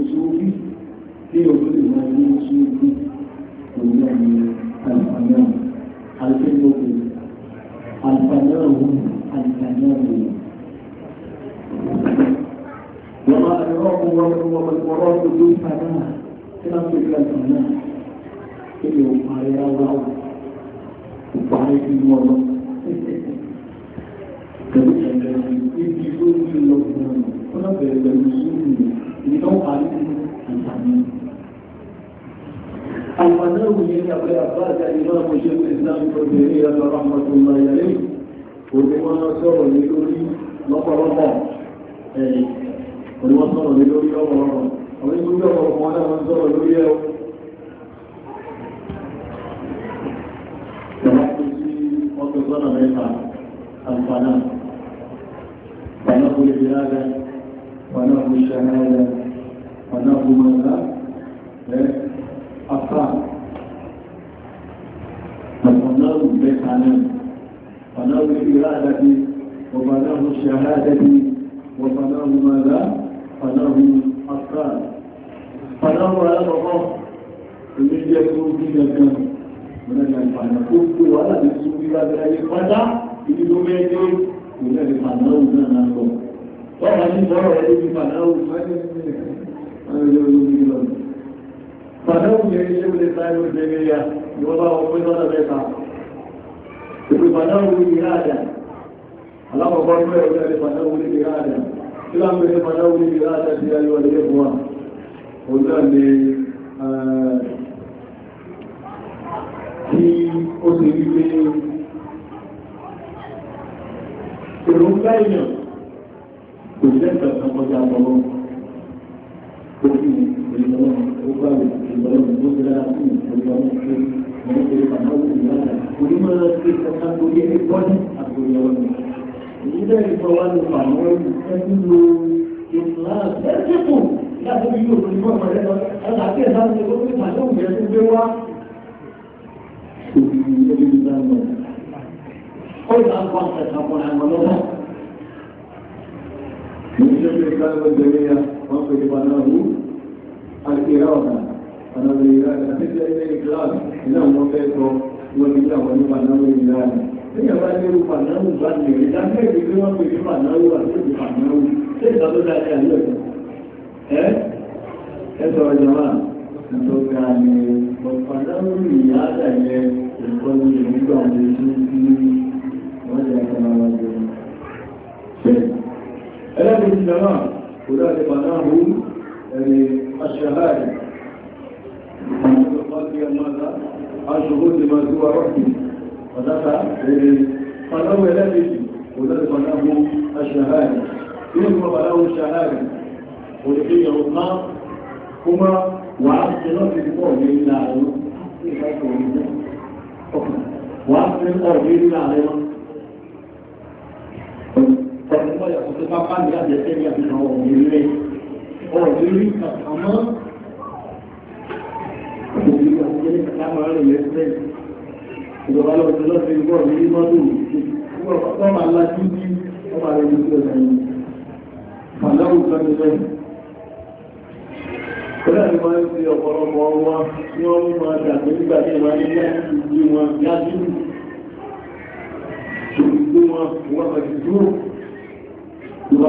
pé pápá ní àjẹsẹ́ ní àbí àwọn ọmọ ilé ọ̀rọ̀ tó rí àmọ́ òbí àjẹsẹ́ ní kàkà máa rẹ̀ lẹ́sẹ̀ ìjọba lọ sí lọ́sẹ̀ ìgbọ́ ní mọ́tò wọ́n máa lájú ní ọba rẹ̀ ní ìjọba yìí pàdáwù sọ́ni lẹ́yìn Kọ́lá ni máa ń fi ọ̀pọ̀lọpọ̀ ọwọ́ tí wọ́n mú máa dàgbé nígbà tí wọ́n ní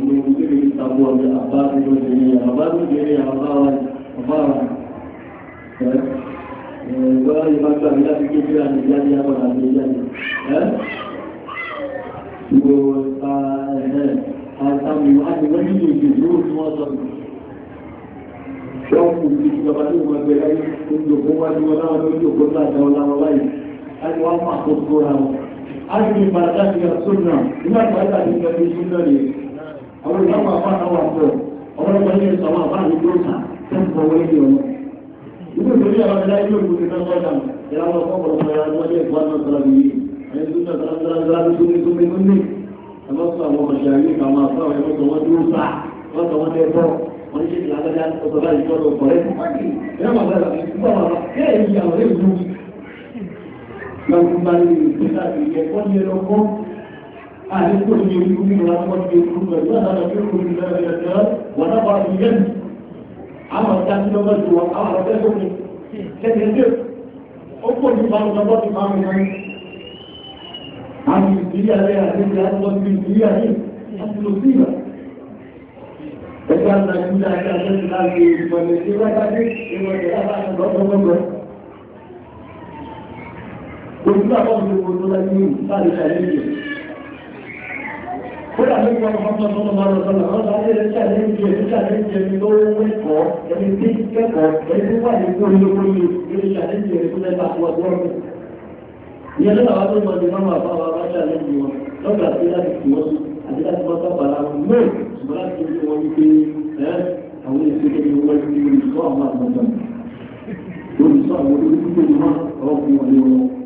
domin irin abubuwan da abbasin yau da ne abbasin da ya abbawa abbawa Gbọ́nà ìbájúwà ní láti kí ìjírà ní ìjáde àpàdà àti ìjáde. Ẹ́? Gbogbo ẹ̀ẹ́ àtàmì àdìwọ́n ní ìjì yóò fún ọ́sọ̀. Ṣọ́ọ̀kù ti ìjọba ní ìwọ̀gbẹ̀ láyé, ó jòkó wájú ọláwọ́ lórí òkú láàjọ ọláwọ́ láyé. A ti wá fún àkókò ra wọn. A ti fi bàtà ti náà, nígbà tí ìjọba ìṣúná rèé àwọn ìyàwó àpá àwọn àpọ̀ ọmọ ìgbà ilé ìsọ̀wọ́ àpá àmì tó sà tó ń fọwọ́ ilé ọmọ inú ìgbèlé àwọn ìlà ilé òkú ti fẹ́ sọ́jà ìlànà ọ̀pọ̀lọpọ̀ ya wọ́n lé ìwà náà sọ́ra bìí àyè tó sà sọ́ra sọ́ra sọ́ra tó ní tó ní tó ní ẹ̀mọ́ sọ àwọn ọ̀ṣẹ̀ ayé kàwọn àpá àwọn ẹ̀mọ́ sọ wọ́n tó sà wọ́n sọ wọ́n tẹ́ bọ́ wọ́n ní ṣèkìlá agbẹ́dá ọ̀sọ̀ báyìí tó lọ kọ̀rẹ́ fún wọ́n ní ìyàwó àgbẹ́dá ìgbà wọn kéèyàn ìyàwó lè dùn. lọ́kùnrin bá ní ìgbésà ìyẹ̀kọ́ ní ẹlọ́kọ́ عن كل يوم ونقل يوم وذهب بكم إلى الجار ونقع في الجنة عمل كان في الغد وقع رجل كان يجب أقول في بعض النظر في بعض عن الجنسية عليها الجنسية أفضل من الجنسية هي الثلثية فكان يقول لك أن الناس يقولون لك أن الناس يقولون لك Òṣìṣẹ́ àwọn olùkòtò lẹ́yìn ìsáàlẹ̀ ẹ̀yìn kódà ló gbọ́dọ̀ fọ́tọ̀ tó lọ́wọ́ lọ́wọ́ lọ́wọ́ lọ́wọ́ lọ́wọ́ lọ́wọ́ lọ́wọ́ lọ́wọ́ lọ́wọ́ lọ́wọ́ lọ́wọ́ ẹni tí kẹ́kọ̀ọ́ ẹni tó wà ní kó ló kóyè lórí ṣàlẹ́jì rẹ̀ tó lẹ́gbà tó ọgbọ́n rẹ̀. ìyẹn ló làwọn tó mọ̀lẹ́ máa wà fáwọn bá ṣàlẹ́jì wọn lọ́gbà sí láti fi wọ́n àti láti wọ́n sábàrà wọn mọ́ ṣùgbọ́n láti fi wọ́n wípé ẹ́ àwọn èsì kékeré wọ́n ti olùsọ àwọn àgbàgbà olùsọ àwọn olùsọ àwọn olùsọ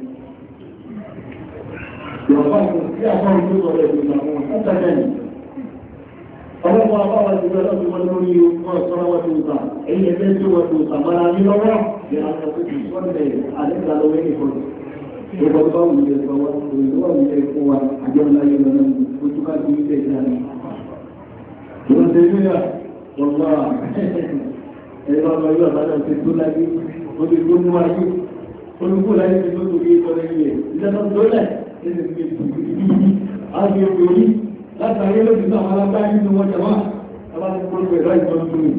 Ọlọ́pọ̀ àpáwà ti gbọ́dọ̀ ti wọ́n lórí ọkọ̀ ìṣọ́rọ̀wọ́ tó ń ta, èyí ẹgbẹ́ tí wọ́n tó sàmọ́ra ní lọ́wọ́ ìrìnàjò tó ti sọ́lẹ̀ àdẹ́gbà lọ́wọ́ ní ìfọ̀dọ̀. Ìfọ̀dọ̀ bá wùlẹ̀ sọ́wọ́ ìrìnàjò ìfọ̀ wa àjọ́ láyé lọ́nà òtúkà tó ń tẹ̀ ìdáni. Ìwọ̀n tẹ̀lé yà, wọ́n wá ẹ̀rọ ọmọ ìlú àbájá ti tó láyé, ó ti tó mú ayé, olùkú láyé ti tó torí ìkọ́lẹ̀ ẹ̀sẹ̀ pé àti ètò yìí látàrí lóṣù náà wọn lábá nínú wọn jàmá àbá ti kúrò pẹ̀lú àìsàn tó yìí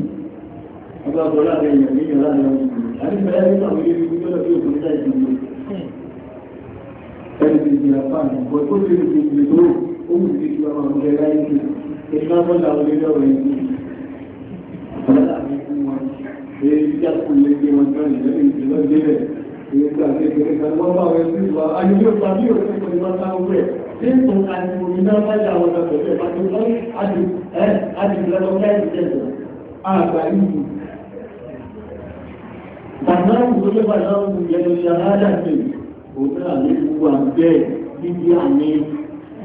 ọgbà bọ̀ láàrin èèyàn ní ìyàrá ni wọn àti bẹ̀rẹ̀ nípa àwọn ilé ìlú lọ́dọ̀ tó kùnú láì tó yìí ẹni tí ìyá fà ní ọ̀pọ̀ tó ti rí ìpìlẹ̀ tó ó ìrẹsà kékeré kan wọ́n bá wẹ́ sí ìwà ayélujá ọ̀pá bí òun ti pẹ̀lú ọ̀tá owó ẹ̀ tí ń tún àìmọ̀mí náà bá jà wọn lọ pẹ̀lú ẹ̀fà tó lọ́rí àdìgbẹ́lọ́ láìsí ẹ̀sọ̀ àgbà yìí. Bàbá ìwò ló bá náà wù yẹnu ní aláàdá sí òun náà ní gbogbo àgbẹ̀ bíbí àmì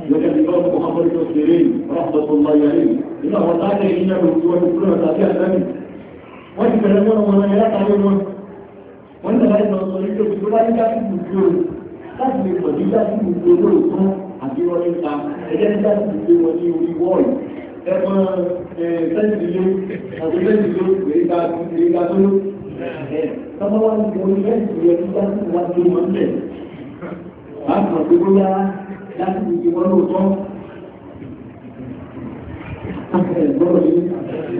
lọ́jọ́ tí wọ́n kọ́ ọmọdé tó ṣeré ọ̀pọ̀ tó máa yẹrẹ nínú àwọn táyà ìyẹn òun tí wọ́n ti kúrò tàbí àdáni. Wọ́n ti bẹ̀rẹ̀ wọ́n ní ìlànà ìlànà ìlú òkú láyé dájú gbogbo láti lè pọ̀ ní dájú gbogbo lóòótọ́ àti wọn nípa ẹ̀jẹ̀ ní dájú gbogbo wọn ní orí wọ́ọ̀lù ẹ̀fọn ẹ̀ẹ́dẹ́gbẹ̀lẹ́ àgbẹ̀lẹ́gbẹ̀lẹ́ ìgbà ìgbà tó ló tọ́mọ́ wá ní orí ẹ̀sìn yẹn tó dájú wá tó mọ́ ń bẹ̀. Màá kàn pé bóyá láti gbogbo wọn lóòótọ́ Gbọ́dọ̀ yìí,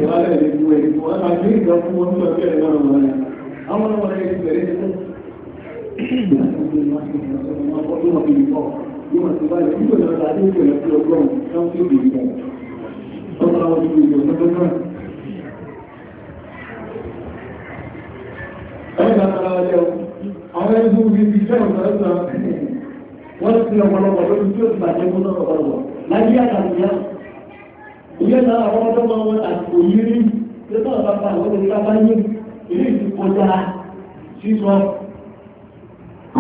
ìwádìí ẹ̀dínkù ẹ̀dínkù, wọ́n máa gbé ìgbà fún wọn ní ọjọ́ ìgbà wọn lọ́yà àwọn ọmọ rẹ̀ ti bẹ̀rẹ̀ ẹ̀kọ́ Àwọn ẹni tó gbé ti jẹ́ ọ̀nà ẹ̀sà wọ́n ti ọ̀pọ̀lọpọ̀ lórí tí ó ti bàjẹ́ mú lọ́rọ̀ ọ̀rọ̀. Láyé àtàkìyà, ìyẹ́ náà àwọn ọmọdé máa wọ́n àti òyìnrí, tí ó tọ́ọ̀bá bá àwọn olùkábáyé èyí ti kọjá sísọ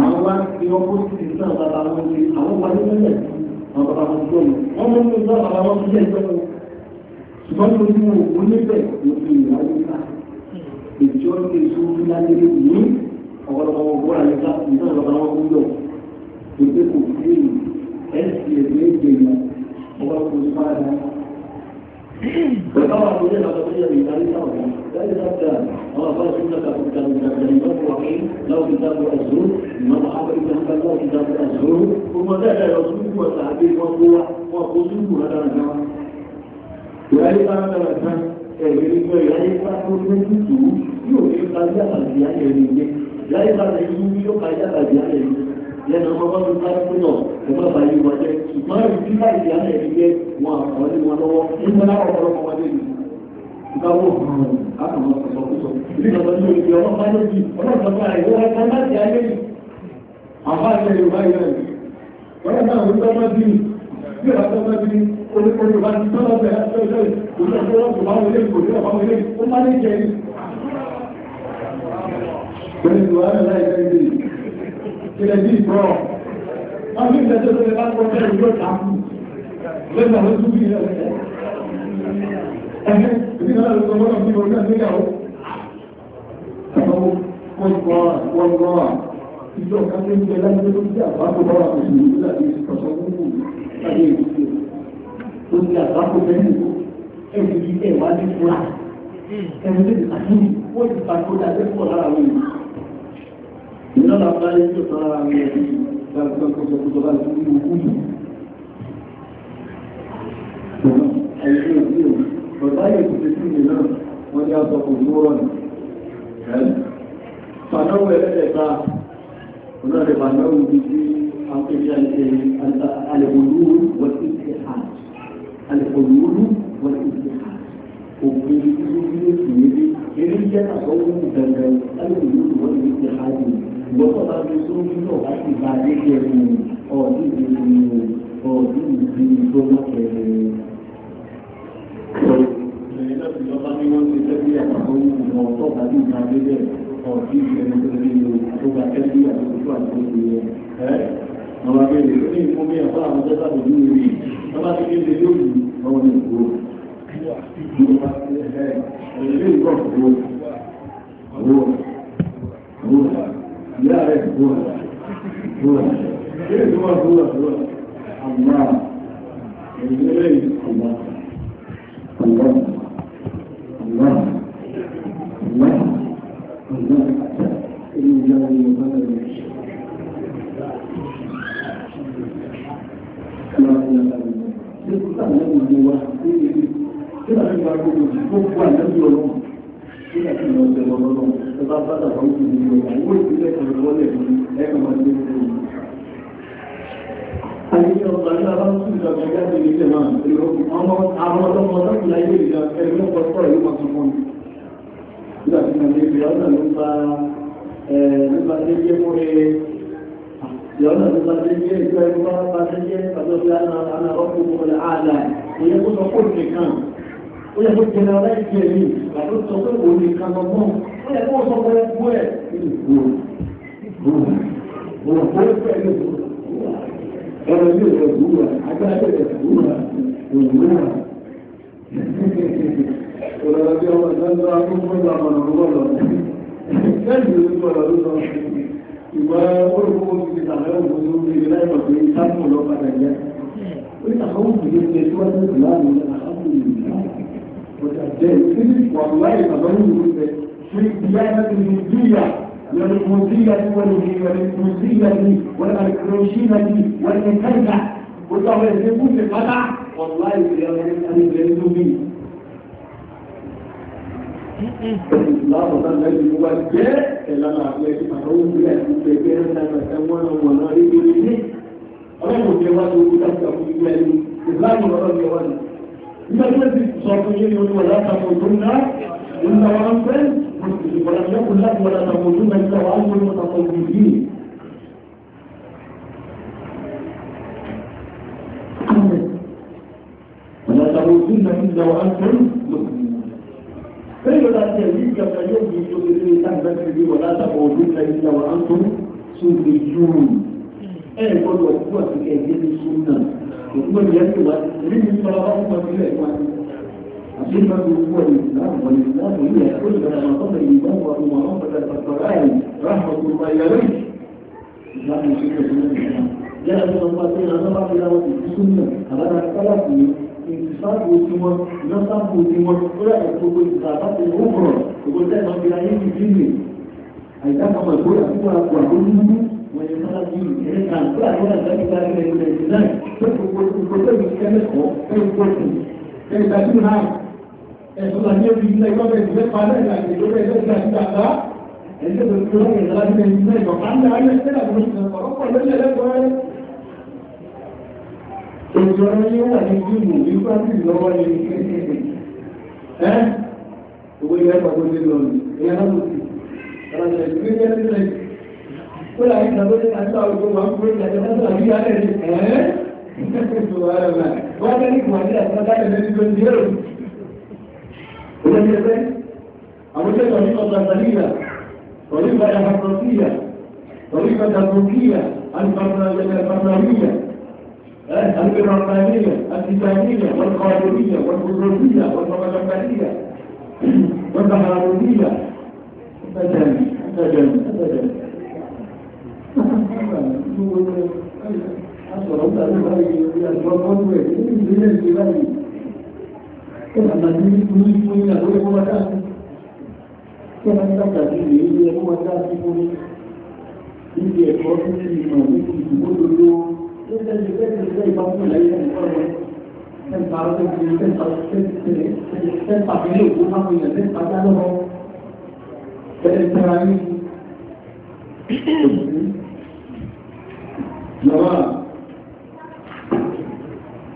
àwọn wá ní ọkọ̀ sí ti náà bàbá wọn ní àwọn wáyé mẹ́lẹ̀ àwọn bàbá wọn tó lọ wọn mú ní náà bàbá wọn tó jẹ́ ìjọba ṣùgbọ́n tó ní òun níbẹ̀ ló fi ìyáwó ká ìjọ ní èso ńláyé ní ọ̀pọ̀lọpọ̀ owó àyíká ìjọba bàbá wọn tó lọ ìgbé kò sí ẹ̀sì ẹ̀dẹ́ ìgbéyà ọba kò sí fáadà فكما أرجع قضية بإنسان سوي ذلك كان أما قال سنة كان من الرحيم لو كتاب الزهور إمام أحمد بن حنبل لو كتاب الزهور ثم ذاك رسوله وصحابه وقوة وخصومه هذا الجمع ذلك أنا كان ẹ̀rẹ́gbẹ́ ìyáyé pàtàkì lójú tó yóò fi kájá àti ayẹyẹ yẹ láyé bá lẹ́yìn yóò kájá àti ayẹyẹ lẹ́nu ọgbọ́n tó bá tó nà ẹgbẹ́ bá yí wọn ṣùgbọ́n ìdí láì di alẹ́ ẹ̀rí jẹ́ wọn àwọn ní wọn lọ́wọ́ nígbà láwọn ọ̀pọ̀lọpọ̀ wọn lè ìgbà wo àtàwọn ọ̀sọ̀ kúsọ̀ ìdí ìjọba ní òye ọlọ́pàá lójì ọlọ́pàá bá rẹ̀ ẹ̀ka láti ayé yìí àbá ilẹ̀ Yorùbá yìí rẹ̀ wọ́n yẹ náà wọ́n tọ́lá bí bí ọ̀rọ̀ tọ́lá bí olùkọ́ni bá ti tọ́lá ilẹ̀ bí ìgbọ́ wọ́n fi ìjẹ́ tó lè bá kọ́ bẹ́ẹ̀ ìjọ kan ń jẹ láti tó sí àbákò bá wà pẹ̀lú láti ìsìkọ̀sọ́ gbogbo láti ìsìkọ̀ tó ti àbákò bẹ́ẹ̀ ẹ̀sìn ẹ̀wà ní fúra àti wọ́n ti pàtó dájẹ́ pọ̀ lára wọn من الأفضل أن يصنع من الذي فأكبركم يقول الله في وجوده ولا يكتسين لنا ويعطف نورا فنوى لك هناك نوى بجي حقيقة الغلول والاتحاد الغلول والاتحاد وبيجي يجي يجي يجي يتصور الغلول والاتحاد ìwọ́n bá fi tó má kẹrẹ. Ìrìn ti bá ní ìgbà dédé ọ̀ọ́dún ìdíje ní tó bá ní tó ní orí. Wọ́n zuwa zuwa zuwa zuwa amma ọba tí ìran náà bá fi ra wọn sí súnmù àbára sáláàbù ìfìfáàbù tí wọn iná sáàbù tí wọn ó rà ẹ̀ gbogbo ìgbà láti ó kọ̀ gbogbo tẹ́ ìran fi ra yé ti dín nìyí àyíká kan mọ̀ pé àkókò àpò àbójútó wọn yẹn máa di ìrìn kan tó àwọn àgbàdì bá rẹ̀ ẹ̀ ẹ̀ náà pé gbogbo gbogbo tó yìí kẹ́lẹ́kọ̀ọ́ pé gbogbo ẹ̀ ìdájú náà ẹ̀sùn àti ẹbí ilé ìgbọ́dọ̀ ìdílé pa náà ìgbà ìgbàlódé ẹgbẹ́ ìgbà ìgbà ẹ̀jẹ̀ tó ti rọ́ọ̀kì ìdájú náà ìgbà ìgbà Ètò ẹni wà ní gíìmù ní sí. Ọ̀rọ̀ ní ìtàgé Ada kenal-kenalnya, antisainya, wal-kawadunia, wal-kudrodunia, wal-kawadunia, wal-kawadunia, wal-kawadunia, wal-kawadunia, wal-kawadunia, wal-kawadunia, wal-kawadunia, wal-kawadunia, wal-kawadunia, wal-kawadunia, wal-kawadunia, wal-kawadunia, wal Jọba,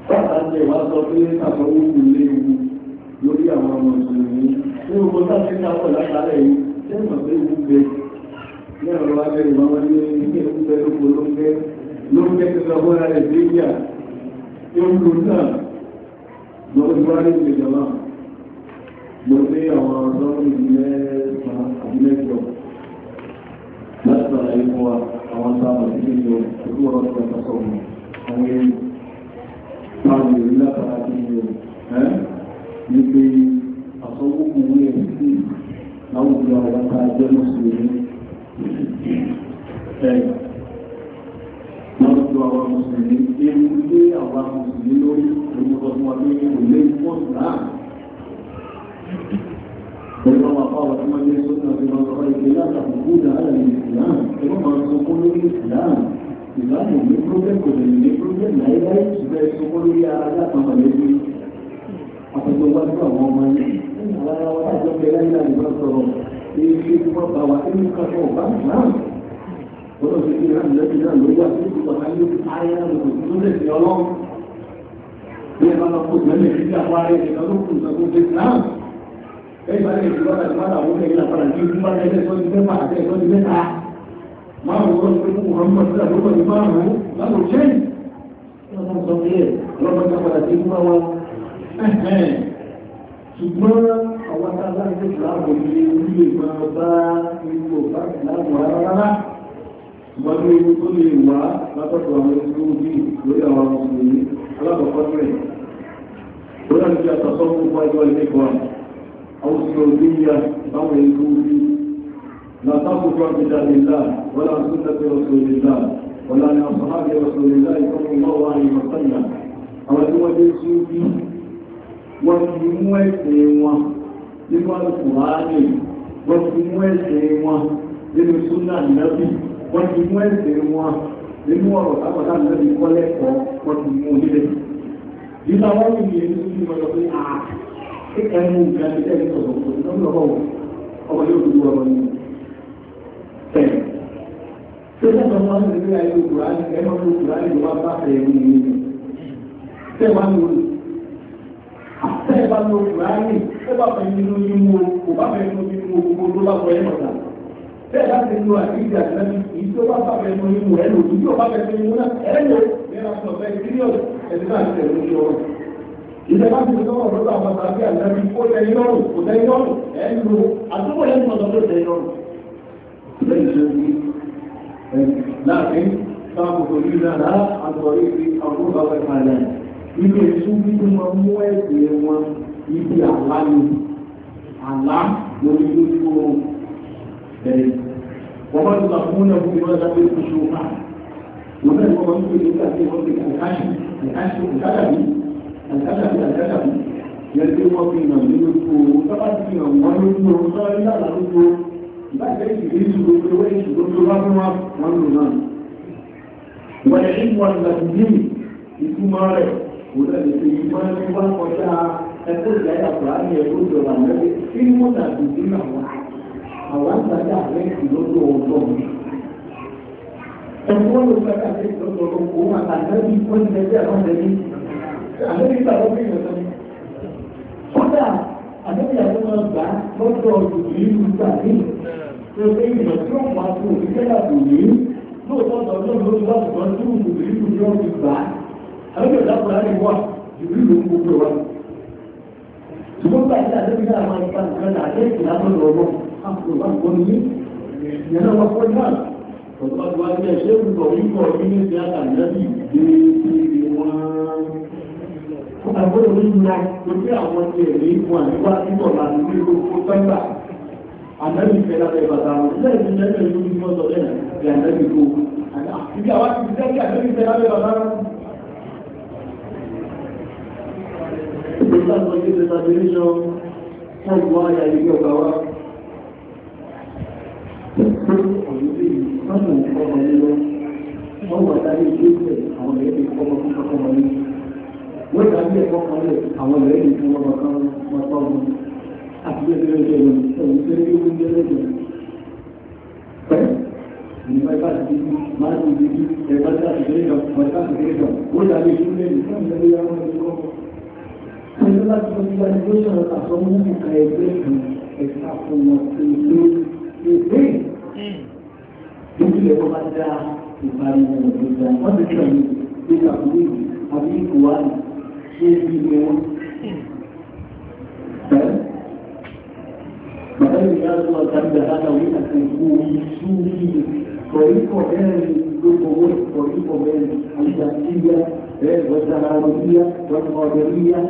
pàtàkì wá sọ pé àwọn ogun lé ewu lórí àwọn ọmọ ìsinmi ní ogun pé ewu ní ọ̀rọ̀ wájẹ́ ìwọ̀n wọ́n ní ilé ló ń bẹ́ lokacin rabona da zuriya in kusa ba su wani ke jama mo ní àwọn ọlọ́run mẹ́ta mẹ́jọ láti sàlàyé fún wa àwọn sábà sí ìjọ ìlú ọ̀rọ̀ tó kẹta sọ̀rọ̀ àwọn èèyàn táwọn èèyàn látara sí ìjọ ẹ́ ní pé àsọ̀kùnkùn ní ẹ̀sìn sí láwùjọ àwọn láwùjọ àwọn mùsùlùmí ewu lé àwọn mùsùlùmí lórí orúkọ fún wa pé kò lé pọ̀ náà. Pẹ̀lú àwọn apá wa tí wọ́n lé sókè àti wọn sọ ìpè láti àkókò dà á lẹ́yìn ìsìláàmù. Ẹ má máa sọ kó lórí ìsìláàmù. Ìsìláàmù ní problem kò lè ní problem láéláé ṣùgbọ́n ẹ sọ kó lórí ara látàn mọ̀lẹ́bí. Àpẹjọ wá sí àwọn ọmọ yìí. Àwọn ará wa lájọ bẹ láyé láti bá sọ̀rọ̀. Èyí ṣe ti wọ́n bá lọ́dọ̀ sí ilé láti lẹ́sìn náà ló wà sí ìgbà ká ní ayé náà lòdì tó ọlọ́run bí ẹ lọ kó ìgbẹ́lẹ̀ sí àwọn ará ló kù ìṣàkó ṣe náà ẹ̀yìn bá lè fi ṣùgbọ́n àwọn tá a ní orílẹ̀-èdè máa bá irú ọ̀bá ṣùgbọ́n ní ewu tó lè wá látọ̀tọ̀ àwọn ẹgbẹ́ bí lórí àwọn mùsùlùmí alákọ̀ọ́kọ́ rẹ̀ ó dàbí bí àtọ̀sọ́ fún wájú ilé kan àwọn òṣìṣẹ́ òbí ya báwọn ẹgbẹ́ bí látàkùnfà bìdà nílá wọ́n láti tún tẹ́tẹ́ ọ̀sọ̀ nílá wọ́n láti àwọn sọ̀hábì ọ̀sọ̀ nílá ìkọ́kùn náà wà ní mọ̀sánìyà àwọn tí wọ́n dé sí bí wọ́n fi mú ẹ̀sìn wọn nínú àlùkùnrin wọ́n fi súnà nàbí wọ́n ti mú ẹ̀sẹ̀ wọn nínú ọ̀rọ̀ tábàtà lẹ́bi kọ́lẹ̀ kọ́ wọ́n ti mú nílẹ̀. Nígbà wọ́n ti yẹ ní ojú ọjọ́ pé a kékeré mú nǹkan ti tẹ́lẹ̀ sọ̀rọ̀ lọ́wọ́ ọmọ yóò dúró ọmọ yìí. Bẹ́ẹ̀ ṣé sọ́kàn wọn ní ilé ayé Kùránì ẹ̀ máa ń lo Kùránì ló bá fẹ̀ mí ní ìlú. Ṣé wàá lò ó? Àṣẹ ìbá lo Kùránì, ó bẹ́ẹ̀ bá ti lo àdíjì àtìlẹ́mí èyí tó bá bá fẹ́ mú imú ẹ̀ lò èyí tó bá fẹ́ mú imú náà ẹ̀ lò ìrìnà sọ bẹ́ẹ̀ sírìọ̀sì ẹ̀sìn náà ti tẹ̀lé ojú ọ̀rọ̀. ìjọba ti sọ ọ̀rọ̀ lọ́dọ̀ àwọn sàbí àtìlẹ́mí ó tẹ iná rò kò tẹ iná rò ẹ̀ ń lo àtúbọ̀ yẹn tó lọ́dọ̀ tẹ iná rò. láàrin sáàpù tó ní náà àtọ̀rí fi àwọn bàbá ìpàdé ilé ìṣú nínú wọn mú ẹ̀sìn wọn ibi àlá ni àlá lórí lójú oorun وما يطلقونه بماذا بالخشوع وما هو ممكن يبقى في ربك الحشو الحشو الأدبي الأدبي الأدبي يلزم فينا منكم وطبعا فينا ومنكم صار لا نرد بعد ذلك يزيدوا في الوجه وطلبوا ومنهم والعلم والمسلمين يكون مارك ولا يكون مارك ولا يكون مارك ولا يكون مارك ولا يكون مارك àwọn àgbàdà rẹ̀ kì lọ́dọ̀ ọlọ́run. Ẹ̀fọ́ ló gbàgbà rẹ̀ lọ́dọ̀ ọlọ́run àtàlẹ́bí wọ́n ti lẹ́gbẹ́ àwọn ẹ̀mí. Àlẹ́bí gbàgbọ́ bí ìrọ̀lẹ́. Kódà àlẹ́bí àwọn ọmọ gbà lọ́dọ̀ ìlú gbà ní. Ṣé pé ìrọ̀ tí ó wà fún òṣìṣẹ́ làbò yìí? Lóòótọ́ ọ̀dọ́ ló ń lọ́dọ̀ tí òṣìṣẹ́ ìlú yóò ti gbà. Àlẹ́bí ọ̀dọ́ ṣùgbọ́n gbà tí àdébí náà máa ń pa nǹkan náà àdébí náà lọ́dọ̀ ọlọ́run. أصل الأصل يعني هو أصل المال فقد وأن شيء طريق ومن سياق النبي Àwọn olùlọ tó bí àwọn ti rí wọn nígbà nígbà láti ní gbogbo sẹ́gbà. Ànábì fẹ́lá bẹ bàtà wọn. Ilé ìlú lẹ́gbẹ̀ẹ́ ìlú ní mọ́tò lẹ́nà bí ànábì kó. Àti bí àwọn ti fi sẹ́gbà ànábì fẹ́lá bẹ bàtà wọn. Ìgbésà sọ yé ti sàbẹ̀rẹ̀ sọ fún ìwọ ayà ìgbẹ́ ọ̀gá wa tó àwọn ẹ̀rẹ́ ti fọ́mọ fún ọmọ ní wọ́n dà bí ẹ̀kọ́ kan lẹ̀ àwọn ẹ̀rẹ́ ti fún ọmọ kan wọ́n tọ́ ọmọ àti bí ẹgbẹ́ ẹgbẹ́ ẹ̀rọ ẹ̀rọ tó ní ogun jẹ́ lẹ́gbẹ̀ẹ́ pẹ́ nípa ìbá ti di máa ti di bí ẹ̀rọ tó ti kéré kan wọ́n ká ti kéré kan wọ́n dà bí ìdílé ní fún ìdílé àwọn ẹ̀kọ́ Ẹgbẹ́ láti fún ìgbà ní lóṣù àtàwọn mú ìka ẹgbẹ́ kan ẹ̀ka fún wọn tó ń ìpín ìpínlẹ̀ tó bá dá ìparí ọ̀rọ̀ tó dá wọ́n ti sọ̀rọ̀ ní ìpàkùnrin àbí ìkùwárì ṣé ibi ìwé wọn. Bàbáyé ìyá tó wà tàbí àdáta orí àti ìkú ìṣúrí kọ̀ríkọ̀ mẹ́rin gbogbo owó kọ̀ríkọ̀ mẹ́rin àìsàkíyà ẹ̀ wọ́tara òbíyà wọ́tọ̀ọ̀dẹ̀ríyà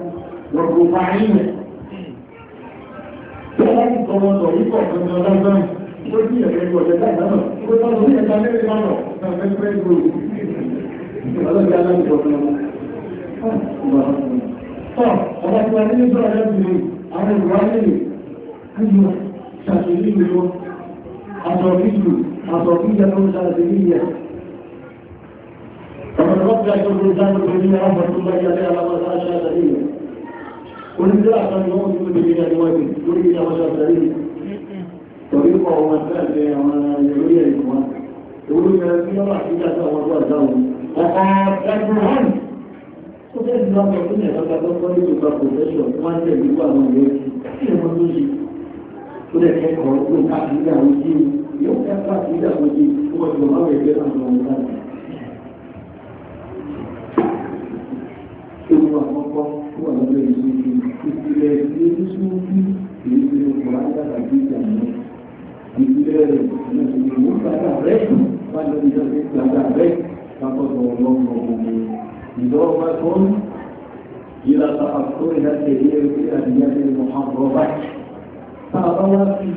wọ́tọ̀ báyìí. Bẹ́ẹ̀ ni tọmọ kọ̀ríkọ̀ mẹ́rin ọlọ́gbọ́n ó jí ẹ̀rẹ́ ìwọ̀ ọ̀jẹ̀ táì náà ó tọ́ lọ sí ẹ̀ta lẹ́rẹ̀ náà náà fẹ́fẹ́ gbò ọlọ́dẹ aláwùjọ fún ọmọ tọ́ ọba tí wọ́n ní bọ́ ọ̀rẹ́ mi àwọn ìwà lẹ́yìn ayọ̀ ṣàṣèlú ìlú lọ aṣọ fíjù aṣọ fíjẹ tó ń ṣàṣèlú ìyẹ ọ̀rọ̀ lọ́pẹ́ àjọ tó ń ṣàṣèlú ìyẹ àwọn tó bá yẹ Onídìrí àtàrí wọn ti tó lè ní ẹni wọ́n ti lórí ìjọba ṣàṣàrí torí pọ̀ ọmọ ẹgbẹ́ àwọn ìròyìn ìwọ̀n ìwúrí rẹ̀ tí wọ́n wà sí ìjọba ọjọ́ ìdáhùn ọkọ̀ ẹgbẹ́ wọn ó fẹ́ ti lọ́pọ̀ tó ní ẹ̀ka tó kọ́ ní ìjọba pòfẹ́sọ̀ tó máa ń tẹ̀lé wà náà yẹ kí ni wọ́n tó ṣe tó lẹ̀ kẹ́kọ̀ọ́ tó káàkiri àwọn ojú yóò fẹ́ káàkiri àwọn ojú tó wọ́n ti wọ́n ẹgbẹ́ náà lọ́wọ́ Ewu àkọ́kọ́ tó wà lọ́dọ̀ ìṣèjì ìpìlẹ̀ ìdílé ní Súnfí èyí ti ń kọ́ láti ìgbéléwé ìwú gbàgbà rẹ wà lórí ìjọba gbàgbà rẹ kápọ̀tọ̀ ọlọ́run ọmọ ìdọ́gba tó ń yíra ta àkórí láti ilé ẹgbẹ́ àdìyá ní mọ̀hánbọ̀ báyìí tá a bá wá sí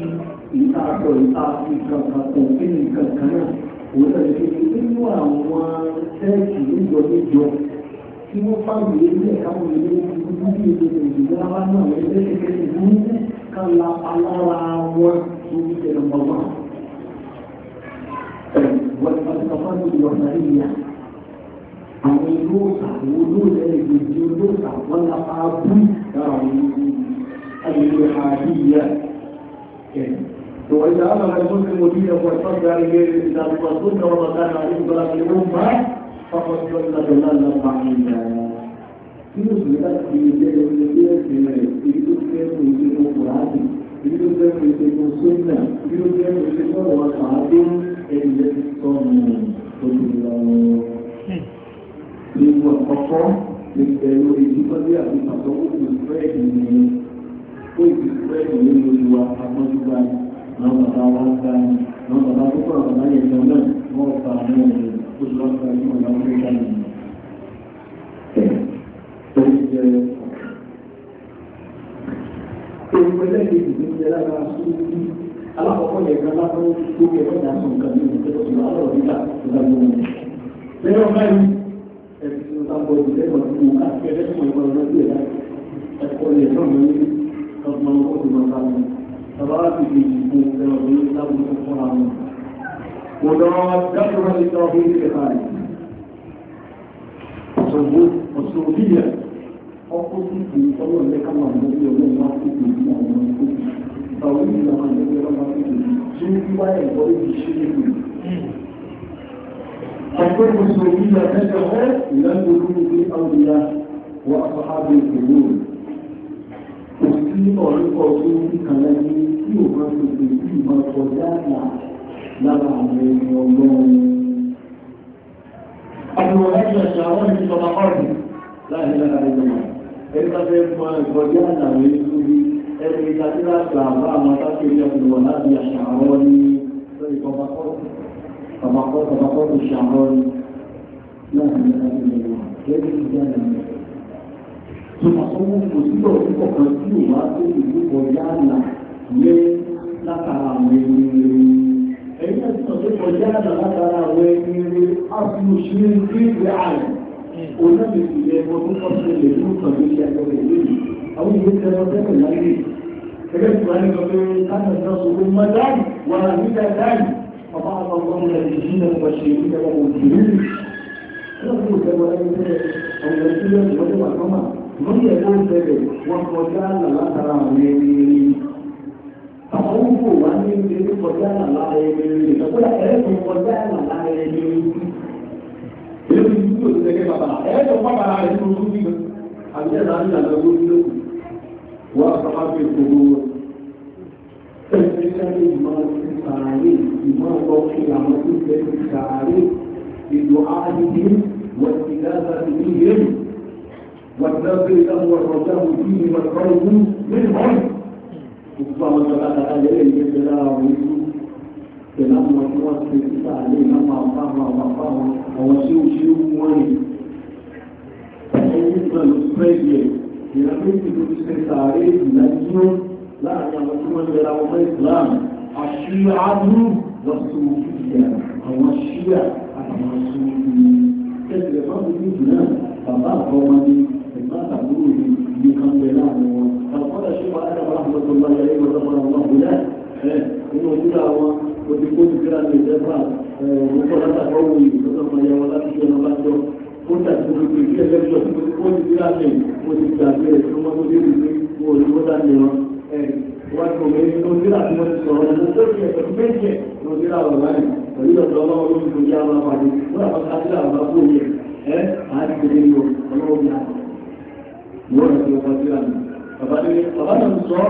ìta àtọ̀ ìta àti kankan kò kí ni kankan náà òun náà ti fi nínú àwọn sẹ́ẹ̀kì níjọ níjọ tí wọ́n fáwọn ilé káwọn ilé ìdúró ní ìdíje ìdíje aláwọ̀ ilé kékeré ní kálá alára wọn. المسلمين من الله والتفاضل الوحدانية أن يوسع وجود الجنود يوسع والأقابل الإلحادية وإذا أمر المسلم دينه واعتد عليه الإسلام والسنة وما كان عليه صلاة الأمة فقد ضل ضلالا بعيدا في مسلمات في يد المسلمين في يد المسلمين في يد المسلمين bí ló fẹ́ fi ṣe kó sóyà bí ló fẹ́ fi ṣe sọ̀rọ̀ àádé ẹ̀yẹ sọ̀nù òṣèlú Ìwọ àkọ́kọ́ lè bẹ̀rù ìdíkọ́lé àti pàtàkó kò fẹ́ẹ̀dì ní ó ti fẹ́ẹ̀dì ní olùwà àpọ́júgbà àwọn bàbá wa ń gbà ní àwọn bàbá tó kọ̀ àwọn àyè ìjọ náà wọ́n gba àwọn ọ̀rẹ́ tó lọ́ọ́ fẹ́ẹ̀dì ní ọ̀làwọ̀ tó kà nìyẹn ewu ẹlẹ́gbẹ̀ẹ́ ìlú ń tẹ́lá máa sún ní alákọ̀ọ́kọ́ yẹn kan lábọ́ tó kẹ́ ọ̀dà sọ nǹkan ní ìlú tó máa lọ nígbà tó bá yọ wọn. lẹ́yìn ọ̀gá yìí ẹ̀sìn tó ta bọ̀ ìlẹ́ lọ sí wọn káàkiri ẹlẹ́sìn ọ̀gbọ́n lọ́dún ẹ̀dá ẹ̀kọ́ yẹn náà ní ọgbọ́n ọdún bàbá mi bàbá wa ti di ìdìbò ẹ̀rọ ní lábùkù fọ́ra wọn. mo lọ dákúrò ní ọdún ìfẹ́ ọkọ títí ọwọ́ ẹ̀rẹ́ káwọn àgbẹ̀bí ọwọ́ máa tètè ní àwọn ọkọ ìgbàwó ìlú àwọn àgbẹ̀bí ọwọ́ máa tètè tí ó wá ẹ̀kọ́ ibi ṣe nínú. ọ̀pọ̀ ìgbésẹ̀ òbí la ẹ̀jẹ̀ ọ́ ìlànà olóògbé àwòyá wà ábẹ́ ìgbòho kò sí ọ̀rẹ́kọ̀ tó ní kàlá ní tí ò máa tètè tí ì máa kọ dáàbà lára àwọn ẹni ọgbọ́n أبو هريرة شاورني صدقاته لا إله إلا الله ẹgbẹ́ fẹ́ mọ ìkọjá àtàwọn ìtúbí ẹgbẹ́ ìtàkì láti àbá àwọn tákìlì ọ̀dùn wà láti àṣàrọ́ ní lórí kọ̀bàkọ́ tó ṣàrọ́ ní láti ìtàkì lọ́wọ́ lórí ìjà ìlànà. Tùmọ̀ tó mú kò síbọ̀ púpọ̀ kan tí ò wá tó ìlú kọjá àlà lé látara àwọn ènìyàn. Ẹ̀yin olóògbé ilẹ̀ ẹ̀kọ́ tó kọ́ sí ní iṣẹ́ ẹ̀kọ́ ní ọjọ́ káàkiri náà sọ̀rọ̀ kọjá àlà ní ilé èyí ti dúró ti tẹ́kẹ́ bàbá ẹ̀ẹ́ tó pàpà rẹ̀ nínú ojú bí àbíyẹ́ náà ní àgbẹ̀wò nílò wà sáfẹ́ gbogbo ẹgbẹ́sẹ́lẹ̀ ìmọ̀ sí sàárè ìmọ̀ lọ sí àwọn tó fẹ́ sí sàárè ìlú àdìdì wọ́n ti dáadáa sí ní ìrìn wọ́n ti dáadáa sí ìdáwọ̀ ọ̀rọ̀dá òbí ìwọ̀n ọ̀rọ̀ òbí nínú ọ̀rọ̀ pẹ̀lú àwọn ọmọ tí wọ́n ti fi sáàlẹ̀ ìlànà àpapọ̀ àpapọ̀ àwọn tí ó ṣe ó wọ́n rìn ẹni pẹ̀lú pẹ́ẹ̀lẹ̀ ìlànà méjì tó ti ṣe sàárẹ̀ ìlànà láàrin àwọn tí wọ́n yẹra ọmọ Islam àṣírí àdúrú lọ́sùn ìyà àwọn ṣíyà àtàwọn ṣúrú ẹgbẹ̀rẹ̀ fọ́nà ní ìjìnà bàbá àkọ́wọ́ ní ẹ̀gbá àtàbúrò ní ìgbẹ̀kan pẹ̀lú àwọn ọmọ nínú ojúlá wọn o ti kó ìgbéra ní ìjẹba òwúkọ látàkọ wò yìí tó tọ́ fàyà wọn láti jẹ́ ọba jọ ó dà tó gbogbo ìdílé lẹ́jọ́ tó ti kó ìgbéra ní mo ti gbàgbé rẹ̀ tó wọ́n tó dé ìgbé mo ò ní kó dá ní wọn. wọ́n ti kọ̀wé nínú ojúlá tí wọ́n ti sọ̀rọ̀ ẹ̀ lọ́jọ́ ìyẹn pẹ̀lú méjì ní ojúlá wọn báyìí pẹ̀lú ọ̀dọ́ ọlọ́wọ́ ló ń tó yá wọn pàdé wọ́n àwọn kájílà wọn kó yẹ ẹ́ àti ìdílé yọ ọlọ́wọ́ bí i àwọn. ìwọ́n ti kọ̀wé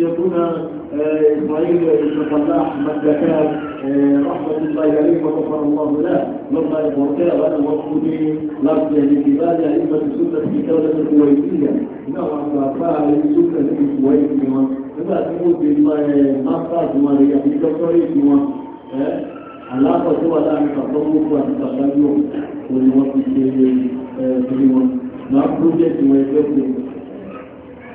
شيخنا آه، إسماعيل بن فلاح آه، رحمة الله عليه وغفر الله له لما يبركه وأنا موجود لفظ لكبار أئمة السنة في دولة الكويتية نوعا ما فعل السنة في الكويت إذا تموت بالمقاس ما يعني على علاقة هو الآن تطلق وتتخلق الشيء في اليوم نعم بروجيكت ويكفر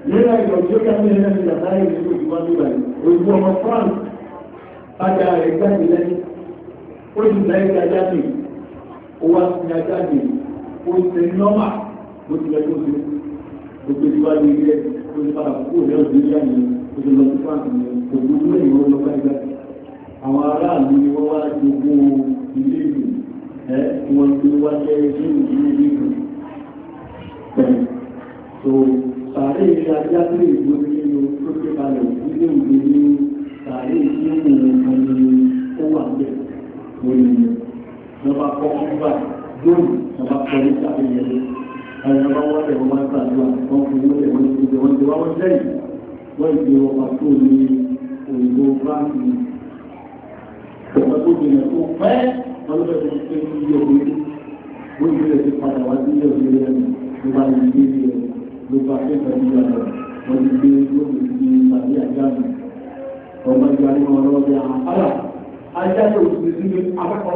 nígbà ìgbà tí ó kájú ẹ̀rẹ́ ti dàtà ìlú ìlú ìwádìí báyìí òyìnbó ọmọ France padà rẹ̀ jáde lẹ́yìn ó sì láyé kájá mi ó wá sí ajá mi ó ṣe nọ́mà bó ti lẹ́kọ́ sí gbogbo ìwádìí ilé ó ti padà kúrò ní ọ̀dọ́ ìyá mi ó ti lọ sí France mi kò gbogbo ẹ̀yìn ó lọ bá ìgbà àwọn aráàlú ni wọ́n wá gbogbo ilé ìlú ẹ̀ wọ́n ti wá jẹ́ ilé ìlú ìlú ìlú tààrí ìdájá sí ìlú nínú tó ké balẹ̀ nílé òde ní tààrí ìdíwọ̀n nǹkan ní ó wà bẹ̀ lórí rẹ̀. Ìjọba kọ́ gbà lónìí, ìjọba kọ́ ní tàbí yẹn lé. Àwọn ìjọba wọ́n tẹ̀ wọ́n máa ń tàdúrà, wọ́n fi wọ́n tẹ̀ wọ́n ti jẹ wọ́n ti wá ló bá fẹ́ pẹ̀lú ìyàtọ̀ wọ́n ti gbé lóògùn sí tàbí àjá mi ọmọ ìgbà ní wọn lọ́wọ́ bí àwọn ará ajá tó ti sí ní akọ́kọ́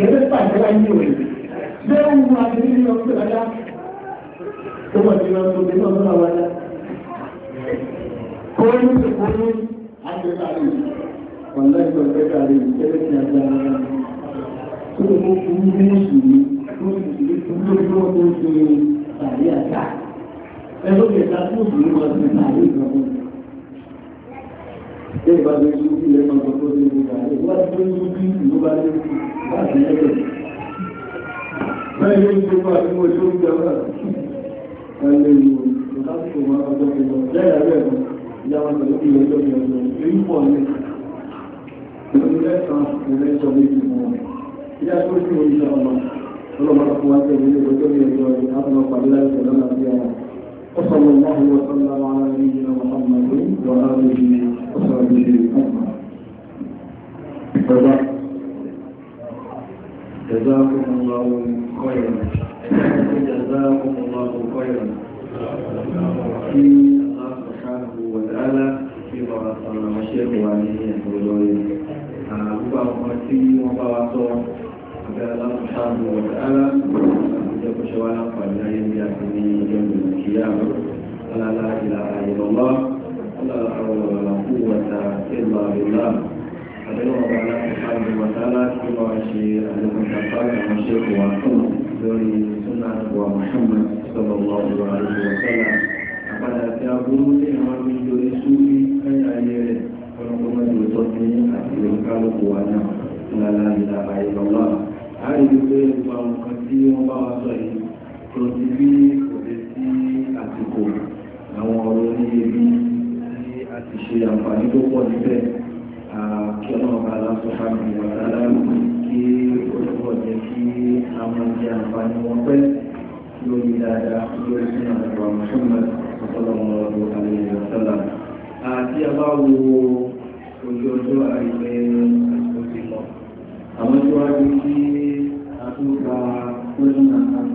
ẹgbẹ́ pàṣẹ wáyé ní òwe bẹ́ẹ̀ ń wá ní nínú ọ̀pẹ̀ ajá tó wà ní ọ̀pẹ̀ ní ọ̀pẹ̀ àwọn ajá kóyún sí kóyún àgbẹ̀kárí ọ̀nà ìgbẹ̀kárí ẹgbẹ́ ti àjá tó mú fún ní ìṣòro fún ìṣòro fún lórí lọ́wọ́ tó ń ṣe tàbí àjá ẹ̀rọ kẹta tó dùn ún wọn sí sàárè kan fún un. Bẹ́ẹ̀ bá lè tún sí ilẹ̀ máa tọ́kọ́ sí ibi sàárè, wọ́n ti tún tún bí ìlú bá lè tún láti ẹ̀rọ. Báyìí ló ń tó bá tí mo tó ń jẹ wá. Ẹ̀rọ ìlú ìdásíkò máa ń tọ́kọ́ sí lọ. Bẹ́ẹ̀ yà bẹ́ẹ̀ kan, ìyá wọn tẹ̀lé ìlú ẹjọ́ mi ọ̀dọ́. Èyí وصلى الله وسلم على نبينا محمد وآله وصحبه أجمعين جزاكم الله خيرا جزاكم الله خيرا في الله سبحانه وتعالى في بعض الشيخ وعليه الحضور gbogbo àwọn tí wọ́n Allah a rí i pé gbogbo àwọn nǹkan tí wọ́n bá wa sọ yìí tó ti bí kò lè sí àsìkò àwọn ọ̀rọ̀ oníyebi tí a ti ṣe àǹfààní tó pọ̀ níbẹ̀ kí ọlọ́ọ̀bá aláṣọ́ká mi wà dáadáa kí olùkọ́ jẹ́ kí a máa jẹ àǹfààní wọn pẹ́ lórí dáadáa lórí sínú àgbà mùsùlùmí ọ̀pọ̀lọpọ̀ ọ̀rọ̀ àlejò ọ̀sọ́lá. àti àbáwo ojú ọjọ́ àìpẹ́ òsì lọ àwọn tí wọ́n á kí Uh, suka kullum